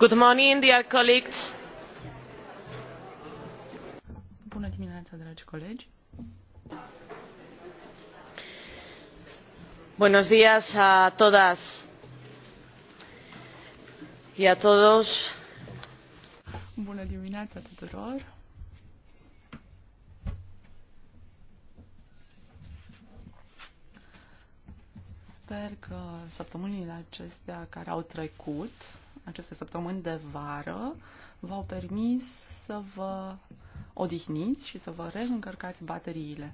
Good morning, dear colleagues. Bună dimineața, dragi colegi. Buenos días a todas y a todos. Bună dimineața tuturor. Sper că săptămânile acestea care au trecut, aceste săptămâni de vară, v-au permis să vă odihniți și să vă reîncărcați bateriile.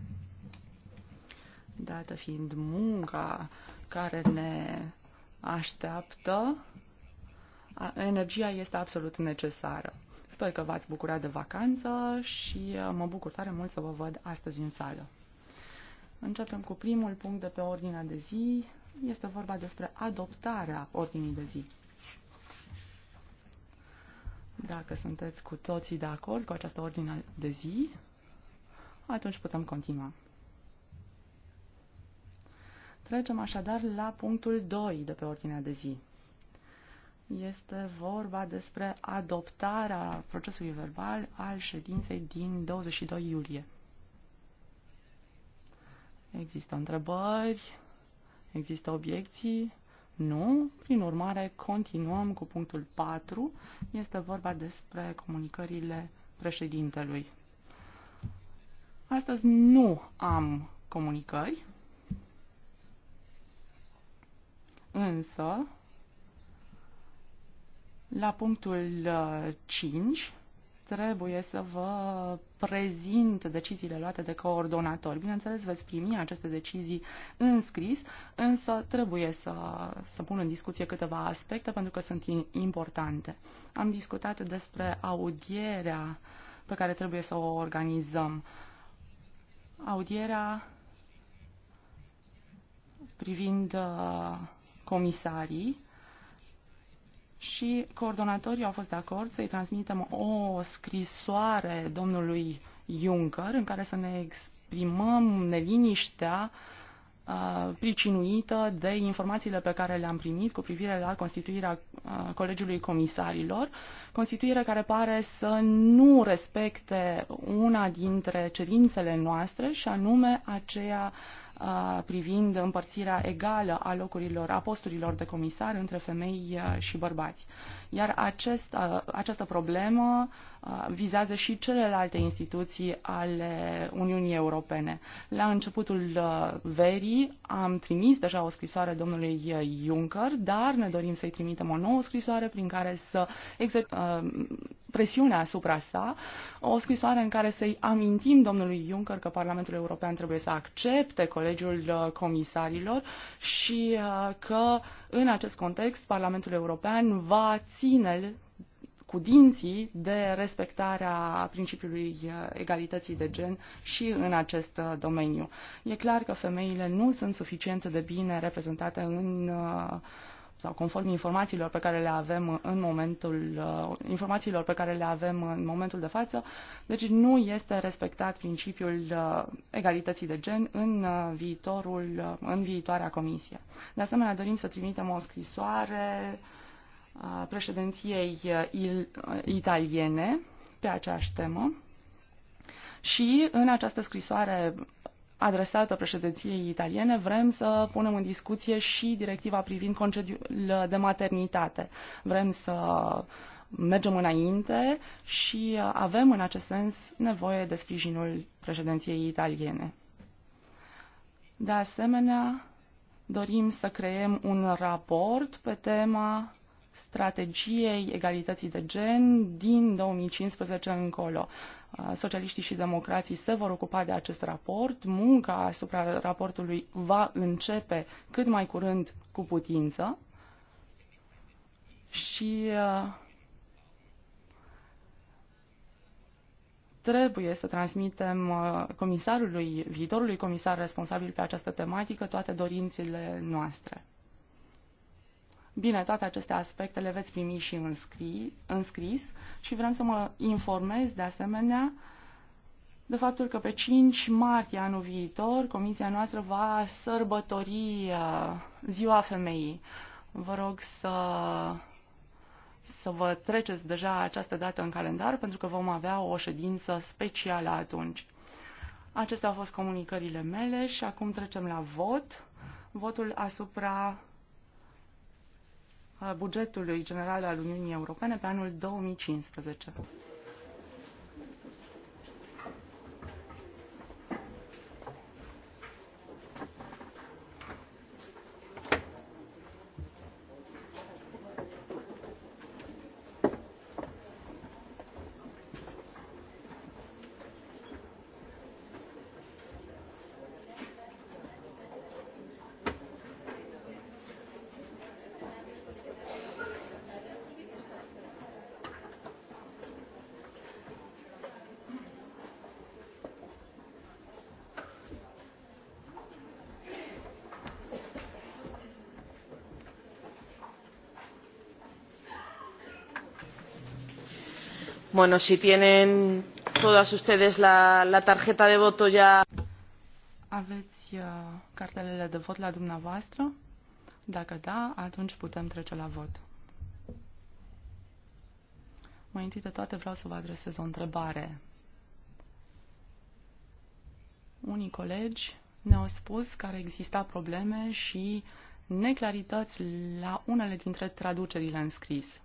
Dată fiind munca care ne așteaptă, energia este absolut necesară. Sper că v-ați bucurat de vacanță și uh, mă bucur tare mult să vă văd astăzi în sală. Începem cu primul punct de pe ordinea de zi, este vorba despre adoptarea ordinii de zi. Dacă sunteți cu toții de acord cu această ordine de zi, atunci putem continua. Trecem așadar la punctul 2 de pe ordinea de zi. Este vorba despre adoptarea procesului verbal al ședinței din 22 iulie. Există întrebări, Există obiecții? Nu. Prin urmare, continuăm cu punctul 4. Este vorba despre comunicările președintelui. Astăzi nu am comunicări, însă la punctul 5 uh, trebuie să vă prezint deciziile luate de coordonatori. Bineînțeles, veți primi aceste decizii în scris, însă trebuie să, să pun în discuție câteva aspecte pentru că sunt importante. Am discutat despre audierea pe care trebuie să o organizăm. Audierea privind uh, comisarii și coordonatorii au fost de acord să-i transmitem o scrisoare domnului Juncker în care să ne exprimăm neliniștea uh, pricinuită de informațiile pe care le-am primit cu privire la constituirea uh, Colegiului Comisarilor, constituire care pare să nu respecte una dintre cerințele noastre și anume aceea uh, Uh, privind împărțirea egală a locurilor, a posturilor de comisar între femei uh, și bărbați. Iar acest, această problemă vizează și celelalte instituții ale Uniunii Europene. La începutul verii am trimis deja o scrisoare domnului Juncker, dar ne dorim să-i trimitem o nouă scrisoare prin care să exerc presiunea asupra sa, o scrisoare în care să-i amintim domnului Juncker că Parlamentul European trebuie să accepte colegiul comisarilor și că în acest context, Parlamentul European va ține cu dinții de respectarea principiului uh, egalității de gen și în acest uh, domeniu. E clar că femeile nu sunt suficient de bine reprezentate în uh, sau conform informațiilor pe care le avem uh, în momentul uh, informațiilor pe care le avem uh, în momentul de față, deci nu este respectat principiul egalității de gen în viitorul în viitoarea comisie. De asemenea, dorim să trimitem o scrisoare președinției italiene pe aceeași temă. Și în această scrisoare adresată președinției italiene, vrem să punem în discuție și directiva privind concediul de maternitate. Vrem să mergem înainte și avem în acest sens nevoie de sprijinul președinției italiene. De asemenea, dorim să creăm un raport pe tema strategiei egalității de gen din 2015 încolo. Uh, socialiștii și democrații se vor ocupa de acest raport. Munca asupra raportului va începe cât mai curând cu putință. Și uh, trebuie să transmitem uh, comisarului, viitorului comisar responsabil pe această tematică, toate dorințele noastre. Bine, toate aceste aspecte le veți primi și înscri, înscris și vrem să mă informez de asemenea de faptul că pe 5 martie anul viitor comisia noastră va sărbători uh, Ziua Femeii. Vă rog să să vă treceți deja această dată în calendar, pentru că vom avea o ședință specială atunci. Acestea au fost comunicările mele și acum trecem la vot. Votul asupra bugetului general al Uniunii Europene pe anul 2015. Bueno, si tienen todas ustedes la, la tarjeta de voto ya. Aveți uh, cartelele de vot la dumneavoastră? Dacă da, atunci putem trece la vot. Mai întâi de toate vreau să vă adresez o întrebare. Unii colegi ne-au spus că ar exista probleme și neclarități la unele dintre traducerile în scris.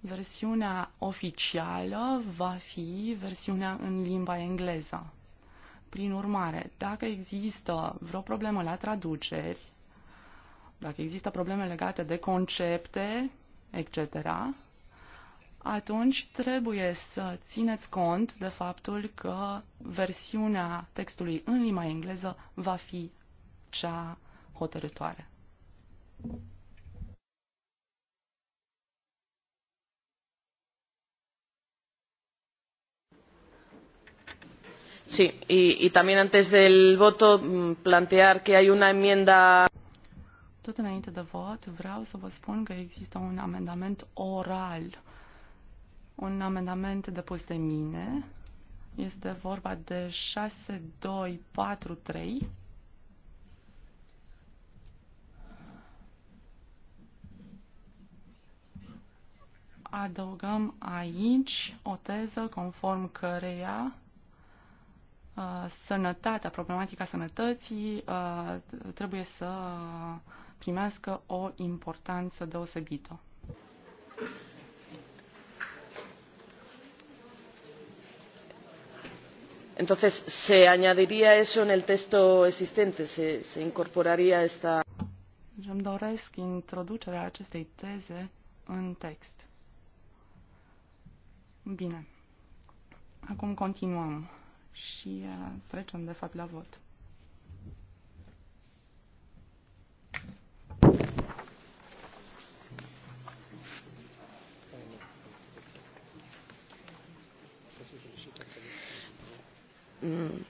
Versiunea oficială va fi versiunea în limba engleză. Prin urmare, dacă există vreo problemă la traduceri, dacă există probleme legate de concepte, etc., atunci trebuie să țineți cont de faptul că versiunea textului în limba engleză va fi cea hotărătoare. y, también antes del voto mm, plantear que hay una enmienda. Tot înainte de vot vreau să vă spun că există un amendament oral, un amendament depus de mine. Este vorba de 6243. Adăugăm aici o teză conform căreia Uh, sănătatea, problematica sănătății uh, trebuie să primească o importanță deosebită. entonces se añadiría eso en el texto existente se, se incorporaría esta me doresc introducerea acestei teze în text. Bine. Acum continuăm și uh, trecem de fapt la vot. Mm.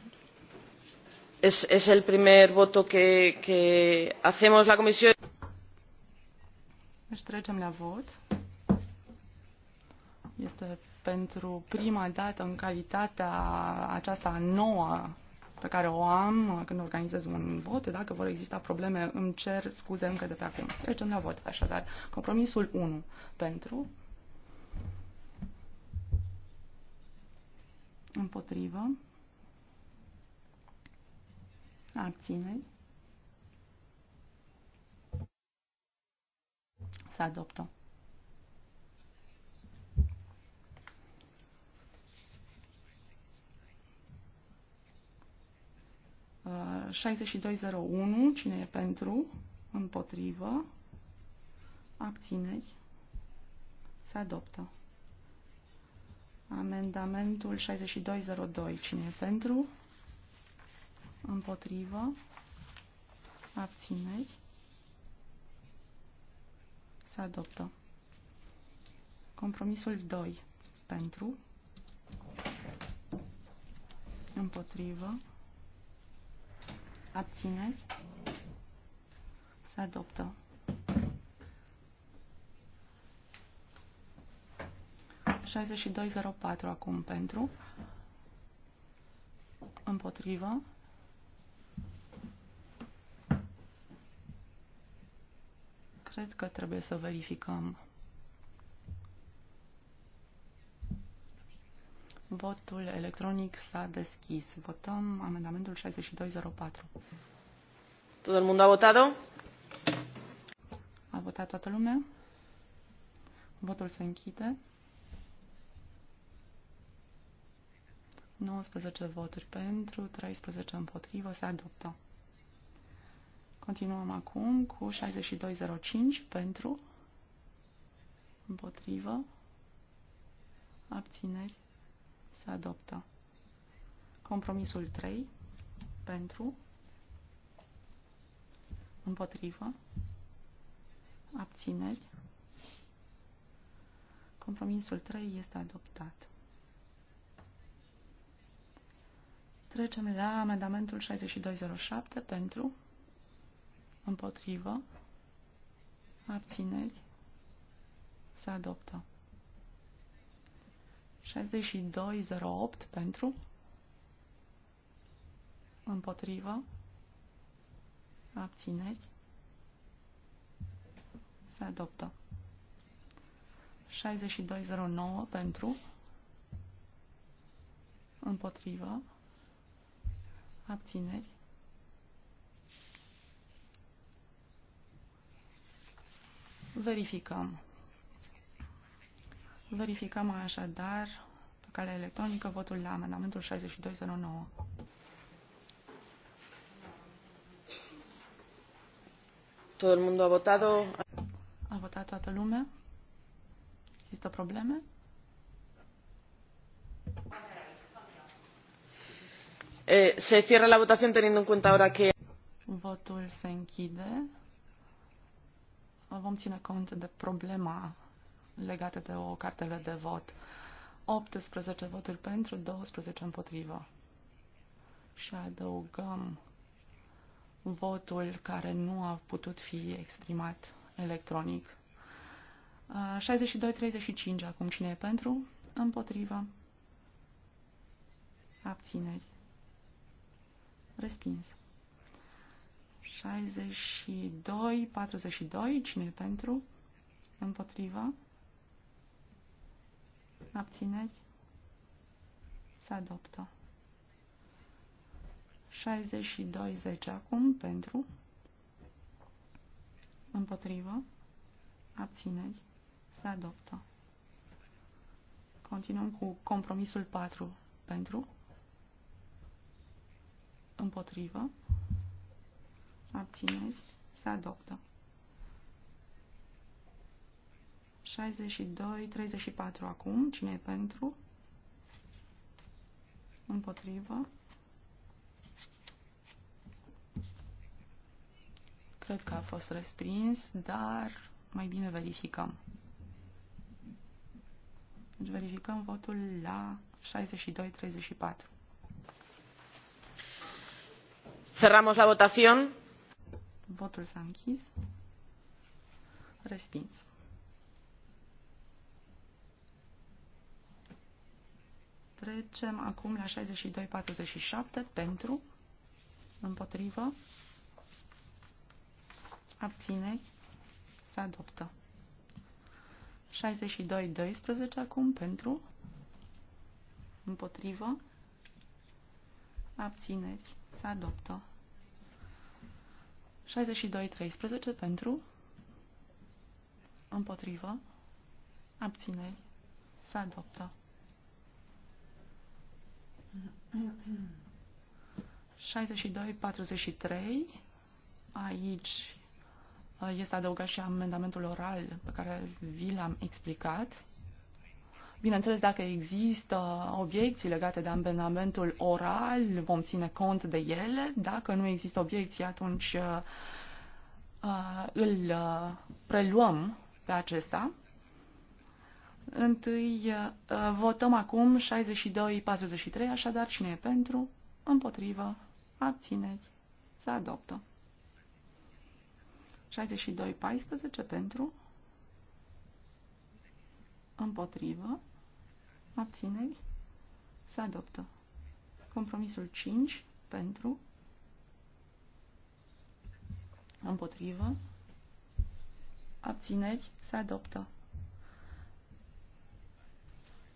Es, es el primer voto que, que hacemos la comisión. Deci trecem la vot. Este pentru prima dată în calitatea aceasta nouă pe care o am când organizez un vot. Dacă vor exista probleme, îmi cer scuze încă de pe acum. Trecem la vot, așadar. Compromisul 1 pentru, împotrivă, abțineri, să adoptăm. 6201, cine e pentru, împotrivă, abțineri, se adoptă. Amendamentul 6202, cine e pentru, împotrivă, abțineri, se adoptă. Compromisul 2, pentru, împotrivă, Abțineri. Se adoptă. Șaizeci acum pentru. Împotrivă. Cred că trebuie să verificăm. Votul electronic s-a deschis. Votăm amendamentul 6204. Todo el mundo ha votado? A votat toată lumea. Votul se închide. 19 voturi pentru, 13 împotrivă, se adoptă. Continuăm acum cu 6205 pentru, împotrivă, abțineri, se adoptă. Compromisul 3 pentru, împotrivă, abțineri. Compromisul 3 este adoptat. Trecem la amendamentul 6207 pentru, împotrivă, abțineri, se adoptă. 6208 pentru, împotrivă, abțineri, se adoptă. 6209 pentru, împotrivă, abțineri, verificăm. Verificăm așadar pe cale electronică votul la amendamentul 6209. Todo el mundo ha votado. A votat toată lumea? Există probleme? Eh, se cierra la votación teniendo en cuenta ahora que... Votul se închide. Vom ține cont de problema legate de o cartelă de vot. 18 voturi pentru, 12 împotrivă. Și adăugăm votul care nu a putut fi exprimat electronic. 62-35 acum cine e pentru? Împotrivă. Abțineri. Respins. 62-42 cine e pentru? Împotrivă. Abțineri? Se adoptă. 62-10 acum pentru. Împotrivă. Abțineri. Se adoptă. Continuăm cu compromisul 4 pentru. Împotrivă. Abțineri. Se adoptă. 62, 34 acum. Cine e pentru? Împotrivă. Cred că a fost respins, dar mai bine verificăm. Deci verificăm votul la 62-34. Cerramos la votación. Votul s-a închis. Respins. Trecem acum la 62-47 pentru, împotrivă, abțineri, se adoptă. 62-12 acum pentru, împotrivă, abțineri, se adoptă. 62-13 pentru, împotrivă, abțineri, se adoptă. 6243 Aici uh, este adăugat și amendamentul oral pe care vi l-am explicat. Bineînțeles, dacă există obiecții legate de amendamentul oral, vom ține cont de ele. Dacă nu există obiecții, atunci uh, uh îl uh, preluăm pe acesta. Întâi uh, votăm acum 62-43, așadar cine e pentru, împotrivă, abțineri, se adoptă. 62-14 pentru, împotrivă, abțineri, se adoptă. Compromisul 5 pentru, împotrivă, abțineri, se adoptă.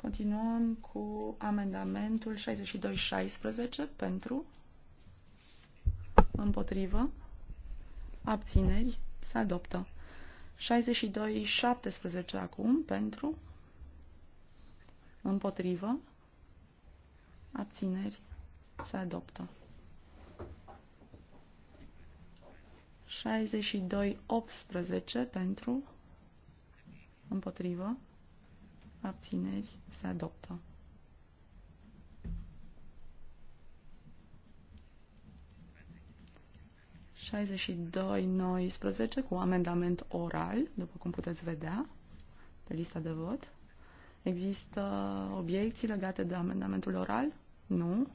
Continuăm cu amendamentul 6216 pentru, împotrivă, abțineri, se adoptă. 6217 acum pentru, împotrivă, abțineri, se adoptă. 6218 pentru, împotrivă, abțineri, se adoptă. nouăsprezece cu amendament oral, după cum puteți vedea pe lista de vot. Există obiecții legate de amendamentul oral? Nu.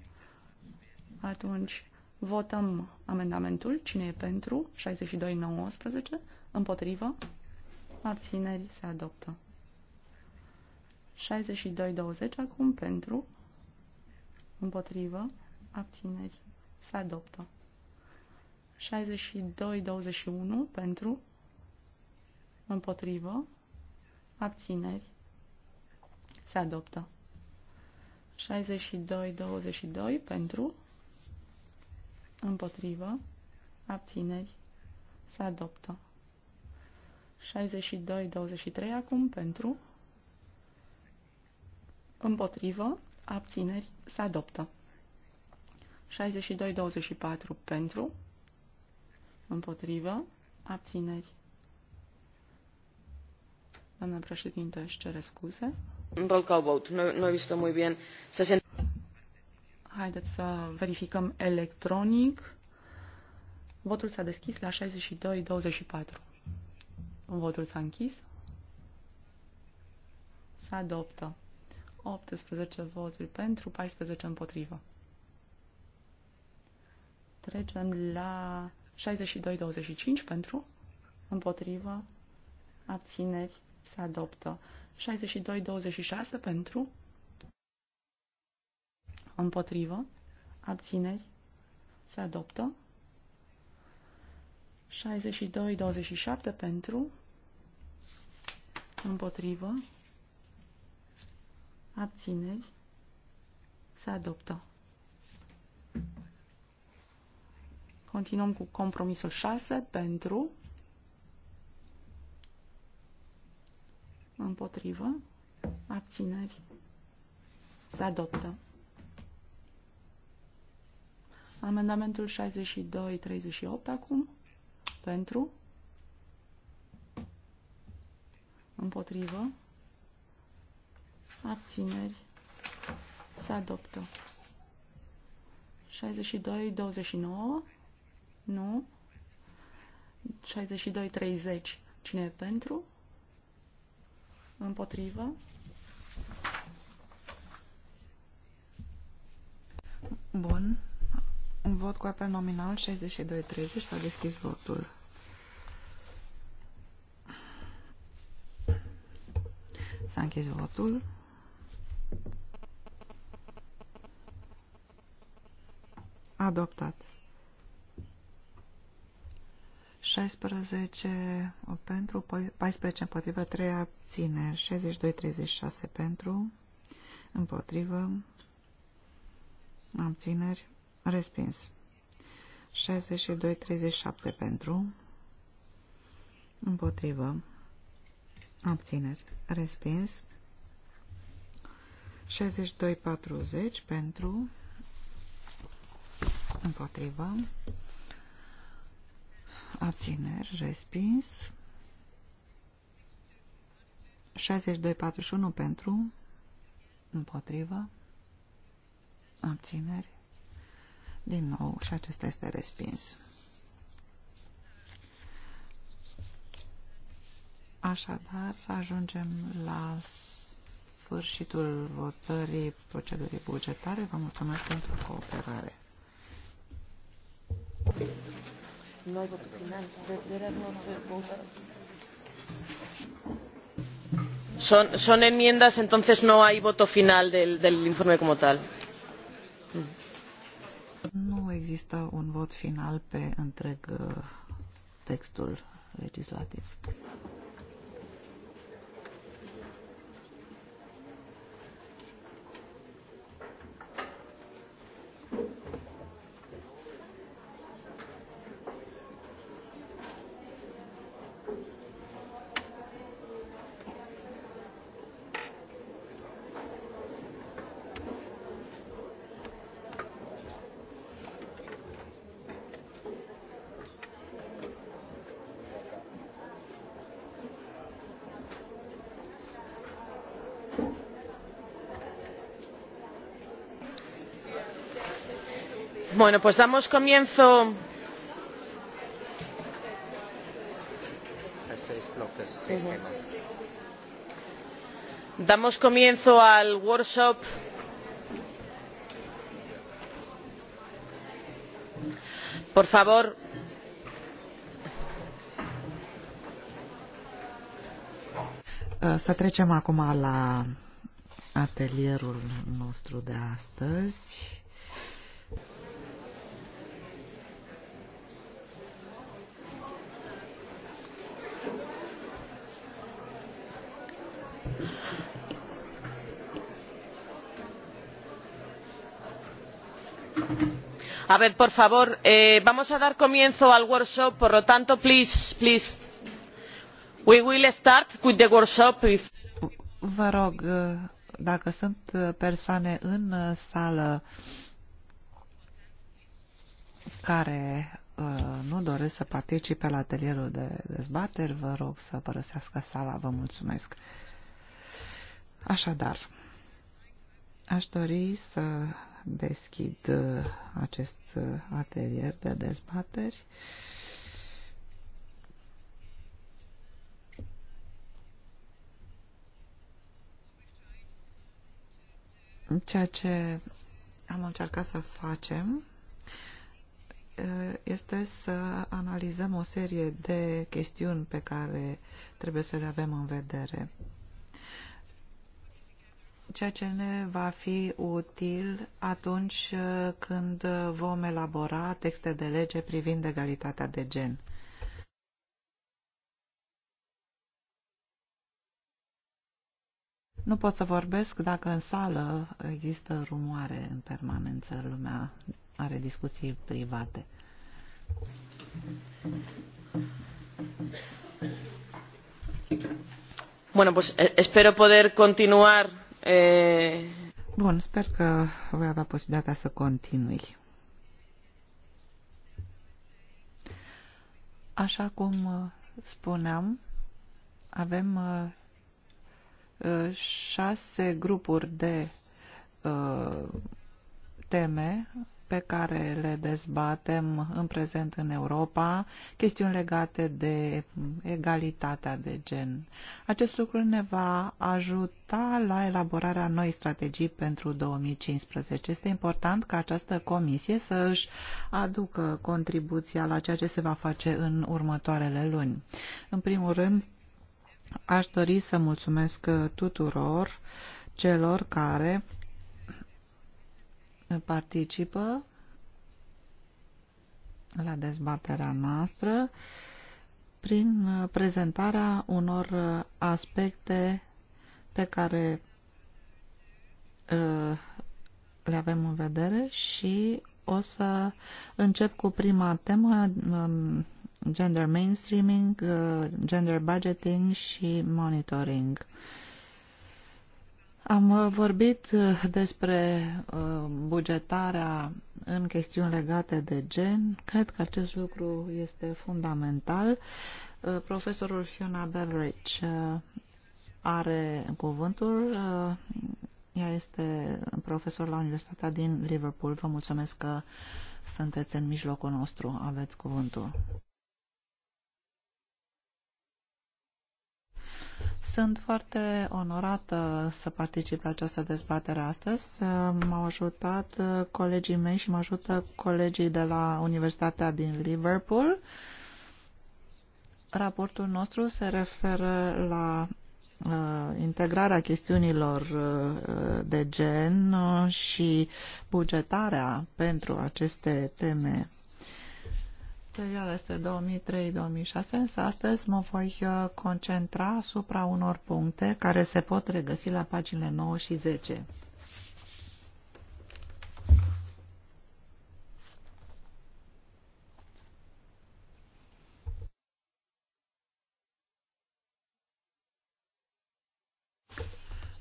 Atunci votăm amendamentul. Cine e pentru? 62-19. Împotrivă? Abțineri se adoptă. 62-20 acum pentru, împotrivă, abțineri, se adoptă. 62-21 pentru, împotrivă, abțineri, se adoptă. 62-22 pentru, împotrivă, abțineri, se adoptă. 62-23 acum pentru, împotrivă, abțineri, se adoptă. 62-24 pentru, împotrivă, abțineri. Doamna președinte, își cere scuze. Roll call vote. Noi no visto muy bien. Se... Haideți să verificăm electronic. Votul s-a deschis la 62-24. Votul s-a închis. Se adoptă. 18 voturi pentru, 14 împotrivă. Trecem la 62-25 pentru, împotrivă, abțineri, se adoptă. 62-26 pentru, împotrivă, abțineri, se adoptă. 62-27 pentru, împotrivă, abțineri, se adoptă. Continuăm cu compromisul 6 pentru, împotrivă, abțineri, se adoptă. Amendamentul 62-38 acum, pentru, împotrivă, abțineri, se adoptă. 62, 29, nu. 62, 30, cine e pentru? Împotrivă. Bun. Un vot cu apel nominal 62-30 s-a deschis votul. S-a închis votul. Adoptat. 16 pentru, 14 împotrivă, 3 abțineri, 62-36 pentru, împotrivă, abțineri, respins. 62-37 pentru, împotrivă, abțineri, respins. 6240 pentru împotriva abțineri respins 6241 pentru împotriva abțineri din nou și acesta este respins Așadar, ajungem la sfârșitul votării procedurii bugetare. Vă mulțumesc pentru cooperare. Son, son enmiendas entonces no hay voto final del, del informe como tal. Nu există un vot final pe întreg uh, textul legislativ. Bueno, pues damos comienzo. Damos comienzo al workshop. Por favor, uh, Să trecem acum la atelierul nostru de astăzi. por favor eh, vamos a dar comienzo al workshop por lo tanto por favor vă rog eh, dacă sunt eh, persoane în sală care nu doresc să participe la atelierul de dezbateri, vă rog să părăsească sala. Vă mulțumesc. Așadar, aș dori să deschid uh, acest uh, atelier de dezbateri. Ceea ce am încercat să facem uh, este să analizăm o serie de chestiuni pe care trebuie să le avem în vedere ceea ce ne va fi util atunci uh, când uh, vom elabora texte de lege privind egalitatea de gen. Nu pot să vorbesc dacă în sală există rumoare în permanență, lumea are discuții private. Bueno, pues eh, espero poder continuar E... Bun, sper că voi avea posibilitatea să continui. Așa cum uh, spuneam, avem uh, uh, șase grupuri de teme pe care le dezbatem în prezent în Europa, chestiuni legate de egalitatea de gen. Acest lucru ne va ajuta la elaborarea noi strategii pentru 2015. Este important ca această comisie să își aducă contribuția la ceea ce se va face în următoarele luni. În primul rând, aș dori să mulțumesc tuturor celor care participă la dezbaterea noastră prin prezentarea unor aspecte pe care uh, le avem în vedere și o să încep cu prima temă, um, gender mainstreaming, uh, gender budgeting și monitoring. Am uh, vorbit uh, despre uh, bugetarea în chestiuni legate de gen. Cred că acest lucru este fundamental. Profesorul Fiona Beveridge are cuvântul. Ea este profesor la Universitatea din Liverpool. Vă mulțumesc că sunteți în mijlocul nostru. Aveți cuvântul. Sunt foarte onorată să particip la această dezbatere astăzi. M-au ajutat colegii mei și mă ajută colegii de la Universitatea din Liverpool. Raportul nostru se referă la uh, integrarea chestiunilor uh, de gen uh, și bugetarea pentru aceste teme perioada este 2003-2006, însă astăzi mă voi uh, concentra asupra unor puncte care se pot regăsi la paginile 9 și 10.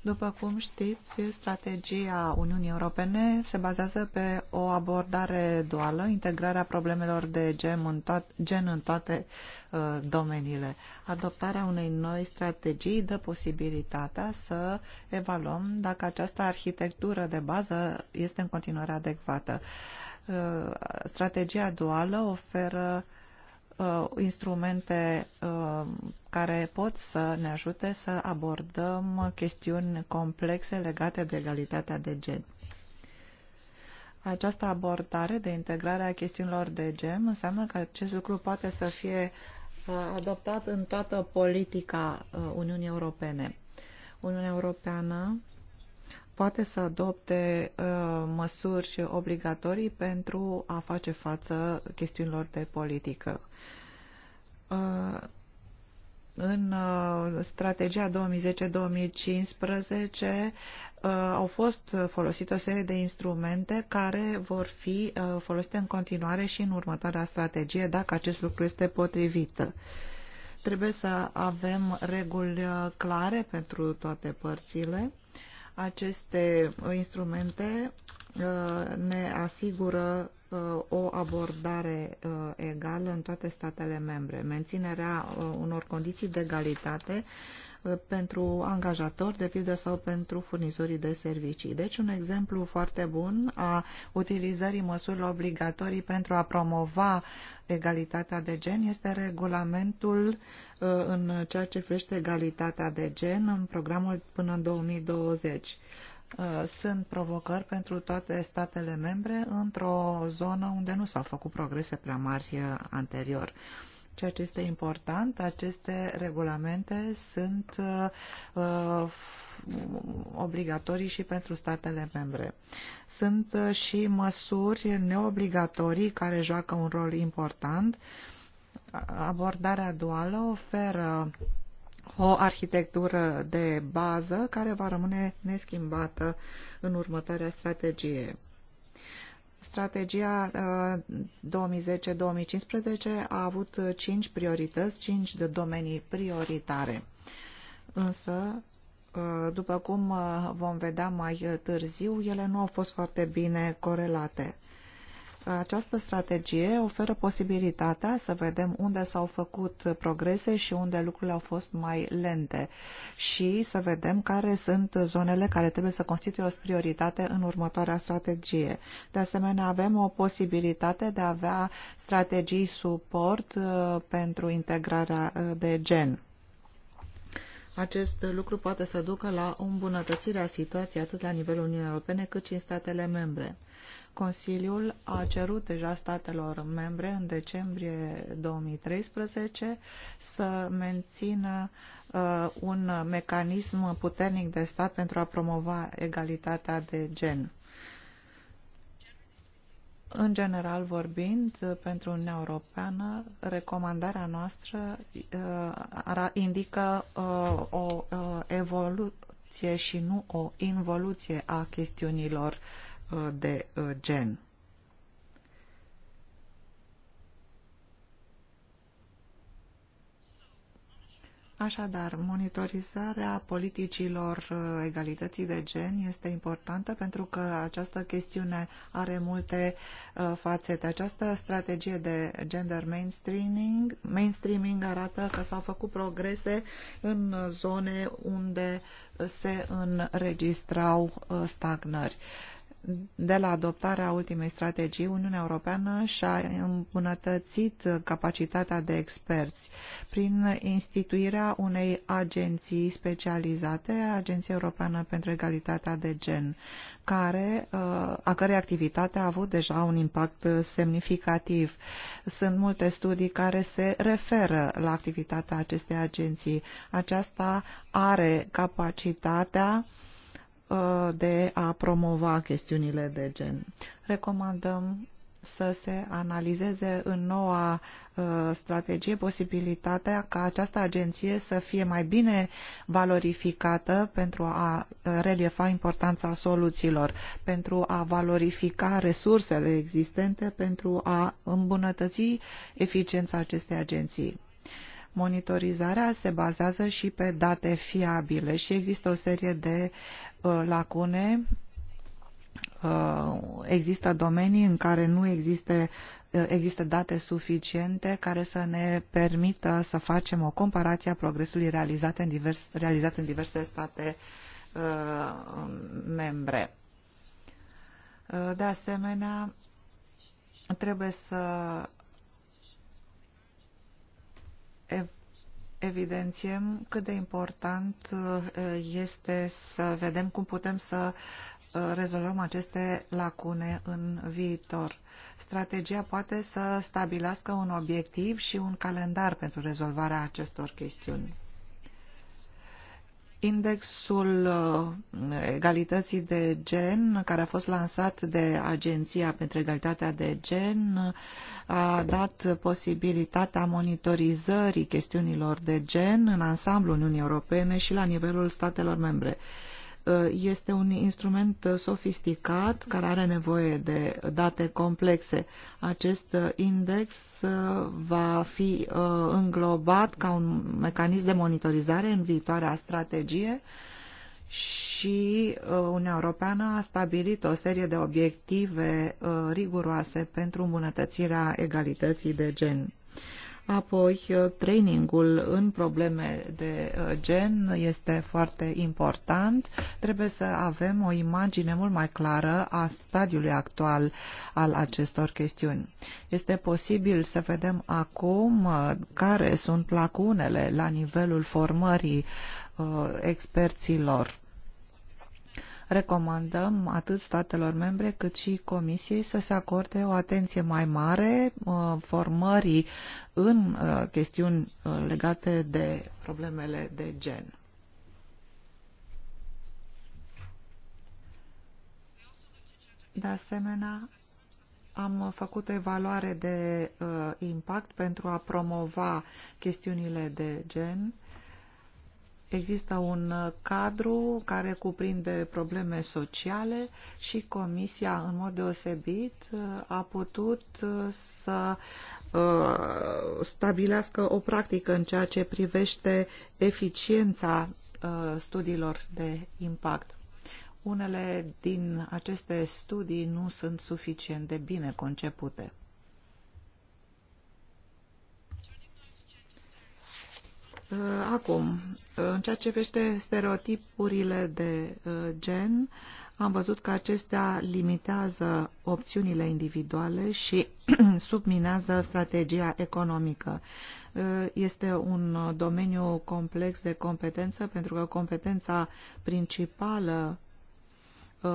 După cum știți, strategia Uniunii Europene se bazează pe o abordare duală, integrarea problemelor de gen în, toat, gen în toate uh, domeniile. Adoptarea unei noi strategii dă posibilitatea să evaluăm dacă această arhitectură de bază este în continuare adecvată. Uh, strategia duală oferă uh, uh, instrumente uh, care pot să ne ajute să abordăm chestiuni complexe legate de egalitatea de gen. Această abordare de integrare a chestiunilor de gen înseamnă că acest lucru poate să fie uh, adoptat în toată politica uh, Uniunii Europene. Uniunea Europeană poate să adopte uh, măsuri obligatorii pentru a face față chestiunilor de politică. Uh, în uh, strategia 2010-2015 au fost folosite o serie de instrumente care vor fi folosite în continuare și în următoarea strategie dacă acest lucru este potrivit. Trebuie să avem reguli clare pentru toate părțile aceste uh, instrumente uh, ne asigură uh, o abordare egală în toate statele membre. Menținerea unor condiții de egalitate pentru angajatori, de pildă, sau pentru furnizorii de servicii. Deci un exemplu foarte bun a utilizării măsurilor obligatorii pentru a promova egalitatea de gen este regulamentul uh, în ceea ce privește egalitatea de gen în programul până în 2020 uh, sunt provocări pentru toate statele membre într-o zonă unde nu s-au făcut progrese prea mari uh, anterior. Ceea ce este important, aceste regulamente sunt uh, obligatorii și pentru statele membre. Sunt uh, și măsuri neobligatorii care joacă un rol important. Abordarea duală oferă o arhitectură de bază care va rămâne neschimbată în următoarea strategie. Strategia 2010-2015 uh, a avut cinci priorități, cinci de domenii prioritare. Însă, uh, după cum uh, vom vedea mai târziu, ele nu au fost foarte bine corelate. Această strategie oferă posibilitatea să vedem unde s-au făcut progrese și unde lucrurile au fost mai lente și să vedem care sunt zonele care trebuie să constituie o prioritate în următoarea strategie. De asemenea, avem o posibilitate de a avea strategii suport uh, pentru integrarea uh, de gen acest lucru poate să ducă la îmbunătățirea situației atât la nivelul Uniunii Europene cât și în statele membre. Consiliul a cerut deja statelor membre în decembrie 2013 să mențină uh, un mecanism puternic de stat pentru a promova egalitatea de gen. În general vorbind, pentru Uniunea Europeană, recomandarea noastră uh, indică uh, o uh, evoluție și nu o involuție a chestiunilor uh, de uh, gen. Așadar, monitorizarea politicilor uh, egalității de gen este importantă pentru că această chestiune are multe uh, fațete. Această strategie de gender mainstreaming, mainstreaming arată că s-au făcut progrese în zone unde se înregistrau uh, stagnări de la adoptarea ultimei strategii, Uniunea Europeană și-a îmbunătățit capacitatea de experți prin instituirea unei agenții specializate, Agenția Europeană pentru Egalitatea de Gen, care, uh, a cărei activitate a avut deja un impact semnificativ. Sunt multe studii care se referă la activitatea acestei agenții. Aceasta are capacitatea Uh, de a promova chestiunile de gen. Recomandăm să se analizeze în noua uh, strategie posibilitatea ca această agenție să fie mai bine valorificată pentru a uh, reliefa importanța soluțiilor, pentru a valorifica resursele existente, pentru a îmbunătăți eficiența acestei agenții. Monitorizarea se bazează și pe date fiabile și există o serie de Uh, lacune, uh, există domenii în care nu există, uh, există date suficiente care să ne permită să facem o comparație a progresului realizat în, divers, realizat în diverse state membre. De asemenea, trebuie să evidențiem cât de important uh, este să vedem cum putem să uh, rezolvăm aceste lacune în viitor. Strategia poate să stabilească un obiectiv și un calendar pentru rezolvarea acestor chestiuni. Indexul uh, egalității de gen, care a fost lansat de Agenția pentru Egalitatea de Gen, a dat posibilitatea monitorizării chestiunilor de gen în ansamblul Uniunii Europene și la nivelul statelor membre. Uh, este un instrument sofisticat care are nevoie de date complexe. Acest index uh, va fi uh, înglobat ca un mecanism de monitorizare în viitoarea strategie și uh, Uniunea Europeană a stabilit o serie de obiective riguroase pentru îmbunătățirea egalității de gen. Apoi, uh, trainingul în probleme de uh, gen este foarte important. Trebuie să avem o imagine mult mai clară a stadiului actual al acestor chestiuni. Este posibil să vedem acum uh, care sunt lacunele la nivelul formării experților Recomandăm atât statelor membre cât și Comisiei să se acorde o atenție mai mare uh, formării în uh, chestiuni uh, legate de problemele de gen. De asemenea, am făcut o evaluare de uh, impact pentru a promova chestiunile de gen Există un uh, cadru care cuprinde probleme sociale și Comisia, în mod deosebit, uh, a putut uh, să stabilească o practică în ceea ce privește eficiența studiilor de impact. Unele din aceste studii nu sunt suficient de bine concepute. Uh, acum, uh, în ceea ce vește stereotipurile de uh, gen, am văzut că acestea limitează opțiunile individuale și subminează strategia economică. Este un domeniu complex de competență pentru că competența principală Uh,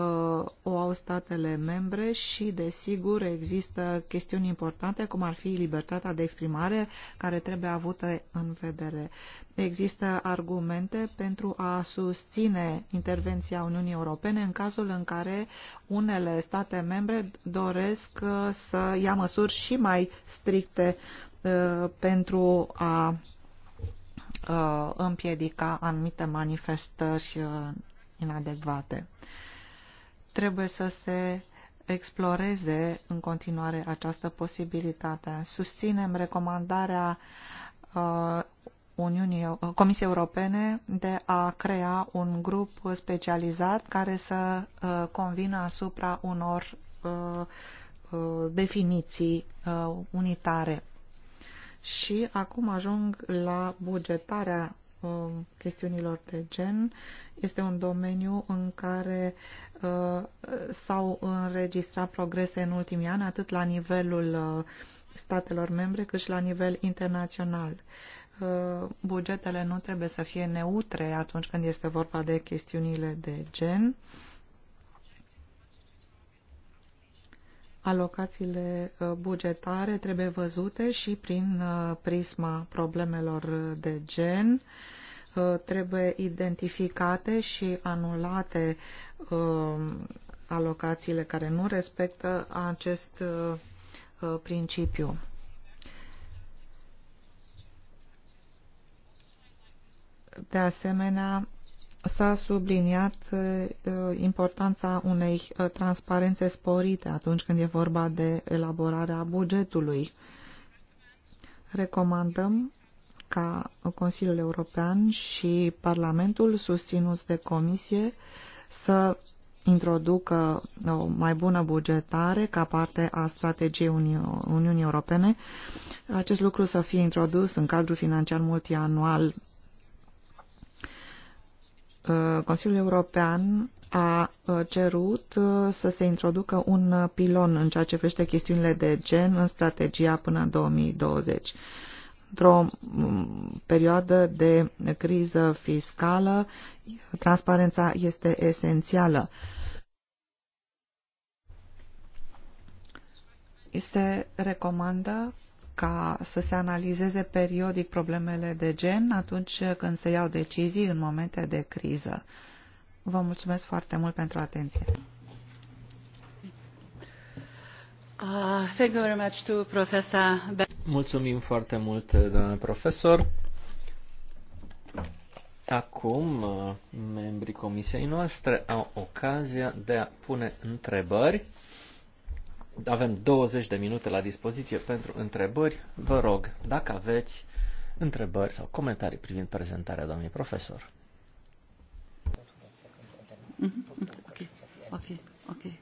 o au statele membre și, desigur, există chestiuni importante, cum ar fi libertatea de exprimare, care trebuie avută în vedere. Există argumente pentru a susține intervenția Uniunii Europene în cazul în care unele state membre doresc uh, să ia măsuri și mai stricte uh, pentru a împiedica anumite manifestări inadecvate. Trebuie să se exploreze în continuare această posibilitate. Susținem recomandarea uh, Uniunii, uh, Comisiei Europene de a crea un grup specializat care să uh, convină asupra unor definiții unitare. Și acum ajung la bugetarea Uh, chestiunilor de gen. Este un domeniu în care uh, s-au înregistrat progrese în ultimii ani, atât la nivelul uh, statelor membre, cât și la nivel internațional. Bugetele nu trebuie să fie neutre atunci când este vorba de chestiunile de gen. Uh, Alocațiile uh, bugetare trebuie văzute și prin uh, prisma problemelor de gen, uh, trebuie identificate și anulate um, alocațiile care nu respectă acest principiu. De asemenea, s-a subliniat importanța unei transparențe sporite atunci când e vorba de elaborarea bugetului. Recomandăm ca Consiliul European și Parlamentul, susținuți de Comisie, să introducă o mai bună bugetare ca parte a strategiei Uniunii Europene. Acest lucru să fie introdus în cadrul financiar multianual Uh, Consiliul European a uh, cerut uh, să se introducă un pilon în ceea ce privește chestiunile de gen în strategia până în 2020. Într-o perioadă de criză fiscală, transparența este esențială. Se recomandă ca să se analizeze periodic problemele de gen atunci când se iau decizii în momente de criză. Vă mulțumesc foarte mult pentru atenție. Uh, Mulțumim foarte mult, doamnă profesor. Acum, uh, membrii comisiei noastre au ocazia de a pune întrebări. Avem 20 de minute la dispoziție pentru întrebări. Vă rog, dacă aveți întrebări sau comentarii privind prezentarea doamnei profesor. Mm-hmm. Ok, ok, ok.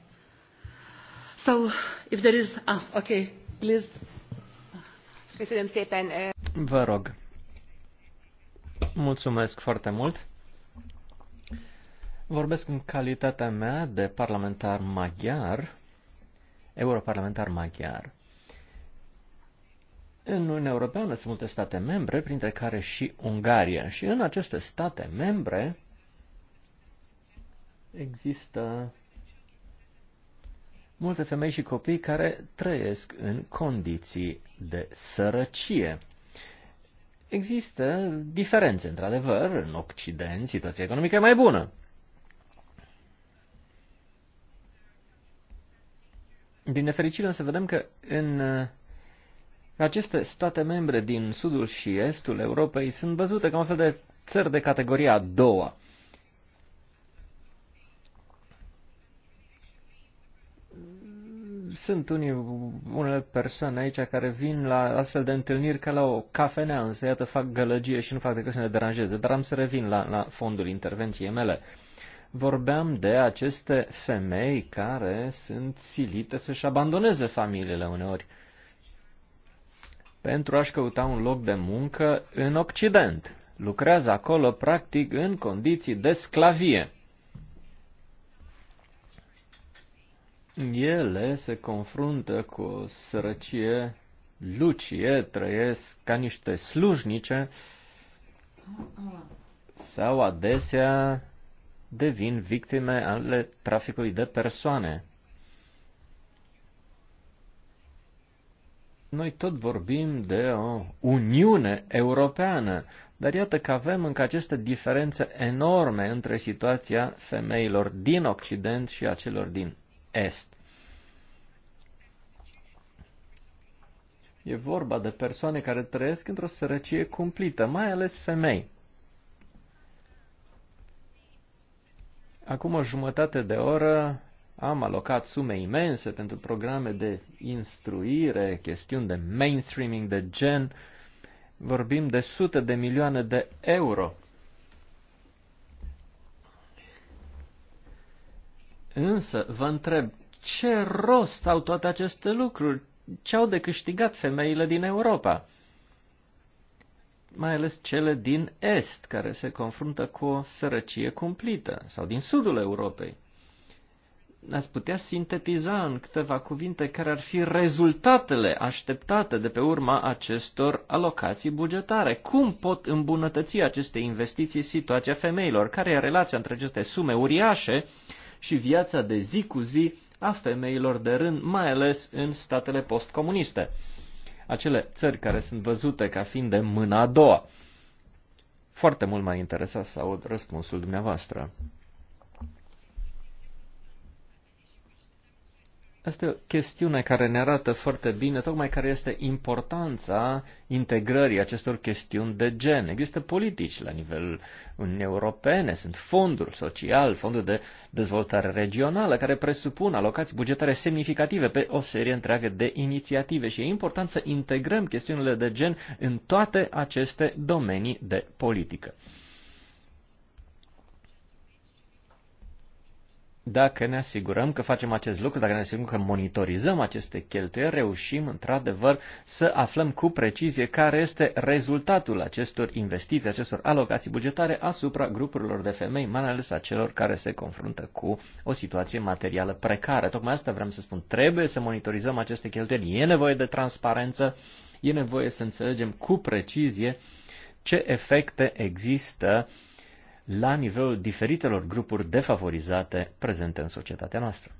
So, if there is... Ah, ok, Please. Vă rog. Mulțumesc foarte mult. Vorbesc în calitatea mea de parlamentar maghiar europarlamentar maghiar. În Uniunea Europeană sunt multe state membre, printre care și Ungaria. Și în aceste state membre există multe femei și copii care trăiesc în condiții de sărăcie. Există diferențe, într-adevăr, în Occident situația economică e mai bună. Din nefericire însă vedem că în uh, aceste state membre din sudul și estul Europei sunt văzute ca un fel de țări de categoria a doua. Sunt unii, unele persoane aici care vin la astfel de întâlniri ca la o cafenea, însă iată fac gălăgie și nu fac decât să ne deranjeze, dar am să revin la, la fondul intervenției mele vorbeam de aceste femei care sunt silite să-și abandoneze familiile uneori pentru a-și căuta un loc de muncă în Occident. Lucrează acolo, practic, în condiții de sclavie. Ele se confruntă cu o sărăcie lucie, trăiesc ca niște slujnice sau adesea devin victime ale traficului de persoane. Noi tot vorbim de o Uniune Europeană, dar iată că avem încă aceste diferențe enorme între situația femeilor din Occident și a celor din Est. E vorba de persoane care trăiesc într-o sărăcie cumplită, mai ales femei. Acum o jumătate de oră am alocat sume imense pentru programe de instruire, chestiuni de mainstreaming, de gen. Vorbim de sute de milioane de euro. Însă, vă întreb, ce rost au toate aceste lucruri? Ce au de câștigat femeile din Europa? mai ales cele din Est, care se confruntă cu o sărăcie cumplită, sau din Sudul Europei. Ați putea sintetiza în câteva cuvinte care ar fi rezultatele așteptate de pe urma acestor alocații bugetare. Cum pot îmbunătăți aceste investiții situația femeilor? Care e relația între aceste sume uriașe și viața de zi cu zi a femeilor de rând, mai ales în statele postcomuniste? acele țări care sunt văzute ca fiind de mâna a doua. Foarte mult mai interesat să aud răspunsul dumneavoastră. Asta o chestiune care ne arată foarte bine tocmai care este importanța integrării acestor chestiuni de gen. Există politici la nivel Uniunii Europene, sunt fonduri social, fonduri de dezvoltare regională care presupun alocații bugetare semnificative pe o serie întreagă de inițiative și e important să integrăm chestiunile de gen în toate aceste domenii de politică. Dacă ne asigurăm că facem acest lucru, dacă ne asigurăm că monitorizăm aceste cheltuieli, reușim într-adevăr să aflăm cu precizie care este rezultatul acestor investiții, acestor alocații bugetare asupra grupurilor de femei, mai ales a celor care se confruntă cu o situație materială precară. Tocmai asta vreau să spun. Trebuie să monitorizăm aceste cheltuieli. E nevoie de transparență, e nevoie să înțelegem cu precizie ce efecte există uh, la nivelul diferitelor grupuri defavorizate prezente în societatea noastră.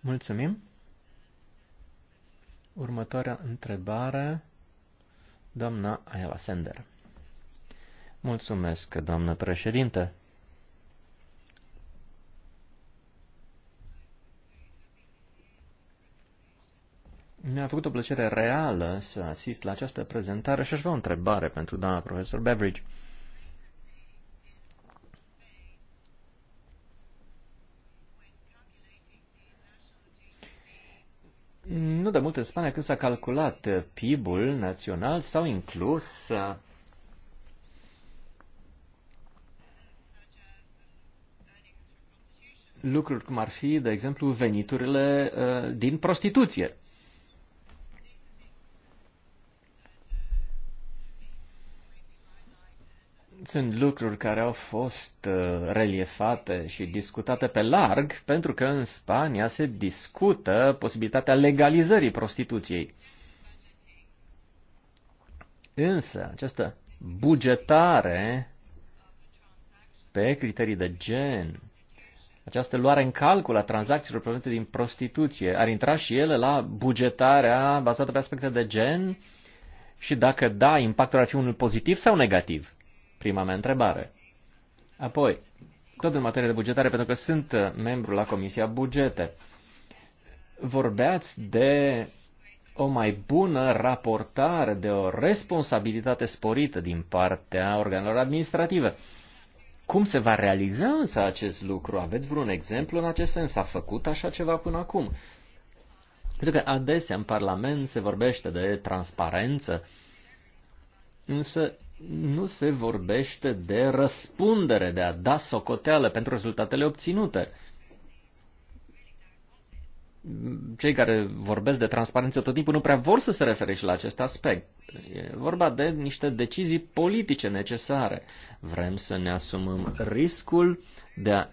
Mulțumim. Următoarea întrebare, doamna Ayala Sender. Mulțumesc, doamnă președinte. Mi-a făcut o plăcere reală să asist la această prezentare și aș vrea o întrebare pentru doamna profesor Beveridge. Nu de mult în Spania, când s-a calculat PIB-ul național, s-au inclus uh, lucruri cum ar fi, de exemplu, veniturile uh, din prostituție. sunt lucruri care au fost uh, reliefate și discutate pe larg, pentru că în Spania se discută posibilitatea legalizării prostituției. Însă, această bugetare pe criterii de gen, această luare în calcul a tranzacțiilor provenite din prostituție, ar intra și ele la bugetarea bazată pe aspecte de gen? Și dacă da, impactul ar fi unul pozitiv sau negativ? prima mea întrebare. Apoi, tot în materie de bugetare, pentru că sunt uh, membru la Comisia Bugete, vorbeați de o mai bună raportare, de o responsabilitate sporită din partea organelor administrative. Cum se va realiza însă acest lucru? Aveți vreun exemplu în acest sens? S-a făcut așa ceva până acum? Pentru că adesea în Parlament se vorbește de transparență, însă nu se vorbește de răspundere, de a da socoteală pentru rezultatele obținute. Cei care vorbesc de transparență tot timpul nu prea vor să se refere și la acest aspect. E vorba de niște decizii politice necesare. Vrem să ne asumăm riscul de a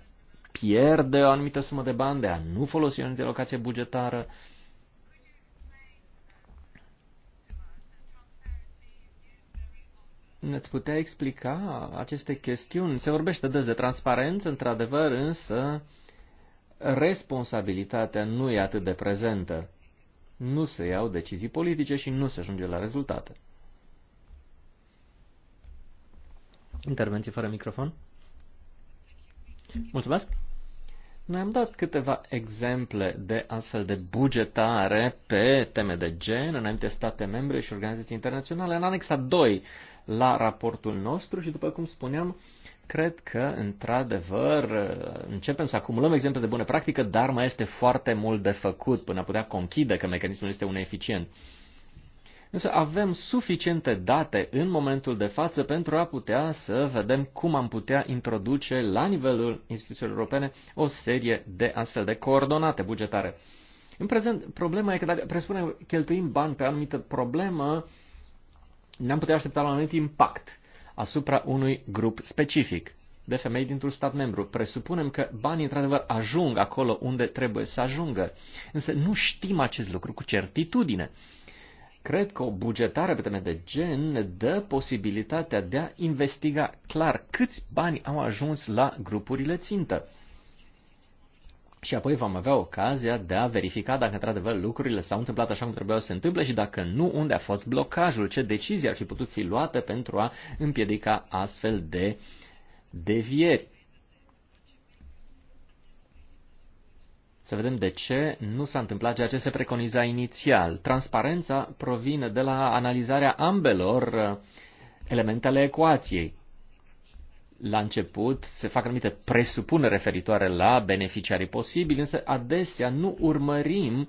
pierde o anumită sumă de bani, de a nu folosi o anumită locație bugetară, ne-ți putea explica aceste chestiuni? Se vorbește des de transparență, într-adevăr, însă responsabilitatea nu e atât de prezentă. Nu se iau decizii politice și nu se ajunge la rezultate. Intervenții fără microfon? Mulțumesc! Noi am dat câteva exemple de astfel de bugetare pe teme de gen înainte state membre și organizații internaționale. În anexa 2 la raportul nostru și, după cum spuneam, cred că, într-adevăr, începem să acumulăm exemple de bună practică, dar mai este foarte mult de făcut până a putea conchide că mecanismul este un eficient. Însă avem suficiente date în momentul de față pentru a putea să vedem cum am putea introduce la nivelul instituțiilor europene o serie de astfel de coordonate bugetare. În prezent, problema e că dacă presupunem cheltuim bani pe anumită problemă, ne-am putea aștepta la un anumit impact asupra unui grup specific de femei dintr-un stat membru. Presupunem că banii, într-adevăr, ajung acolo unde trebuie să ajungă, însă nu știm acest lucru cu certitudine. Cred că o bugetare pe teme de gen ne dă posibilitatea de a investiga clar câți bani au ajuns la grupurile țintă și apoi vom avea ocazia de a verifica dacă într-adevăr lucrurile s-au întâmplat așa cum trebuiau să se întâmple și dacă nu, unde a fost blocajul, ce decizii ar fi putut fi luate pentru a împiedica astfel de devieri. Să vedem de ce nu s-a întâmplat ceea ce se preconiza inițial. Transparența provine de la analizarea ambelor uh, elemente ale ecuației la început se fac anumite presupuneri referitoare la beneficiarii posibili, însă adesea nu urmărim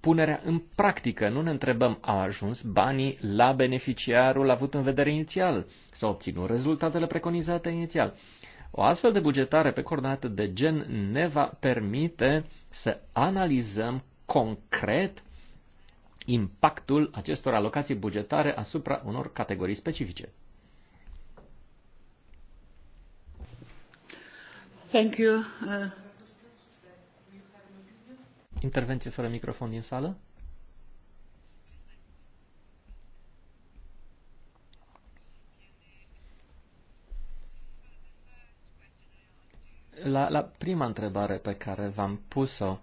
punerea în practică. Nu ne întrebăm, au ajuns banii la beneficiarul avut în vedere inițial? S-au obținut rezultatele preconizate inițial? O astfel de bugetare pe coordonată de gen ne va permite să analizăm concret impactul acestor alocații bugetare asupra unor categorii specifice. Thank you. Uh... Intervenție fără microfon din sală. La, la prima întrebare pe care v-am pus-o,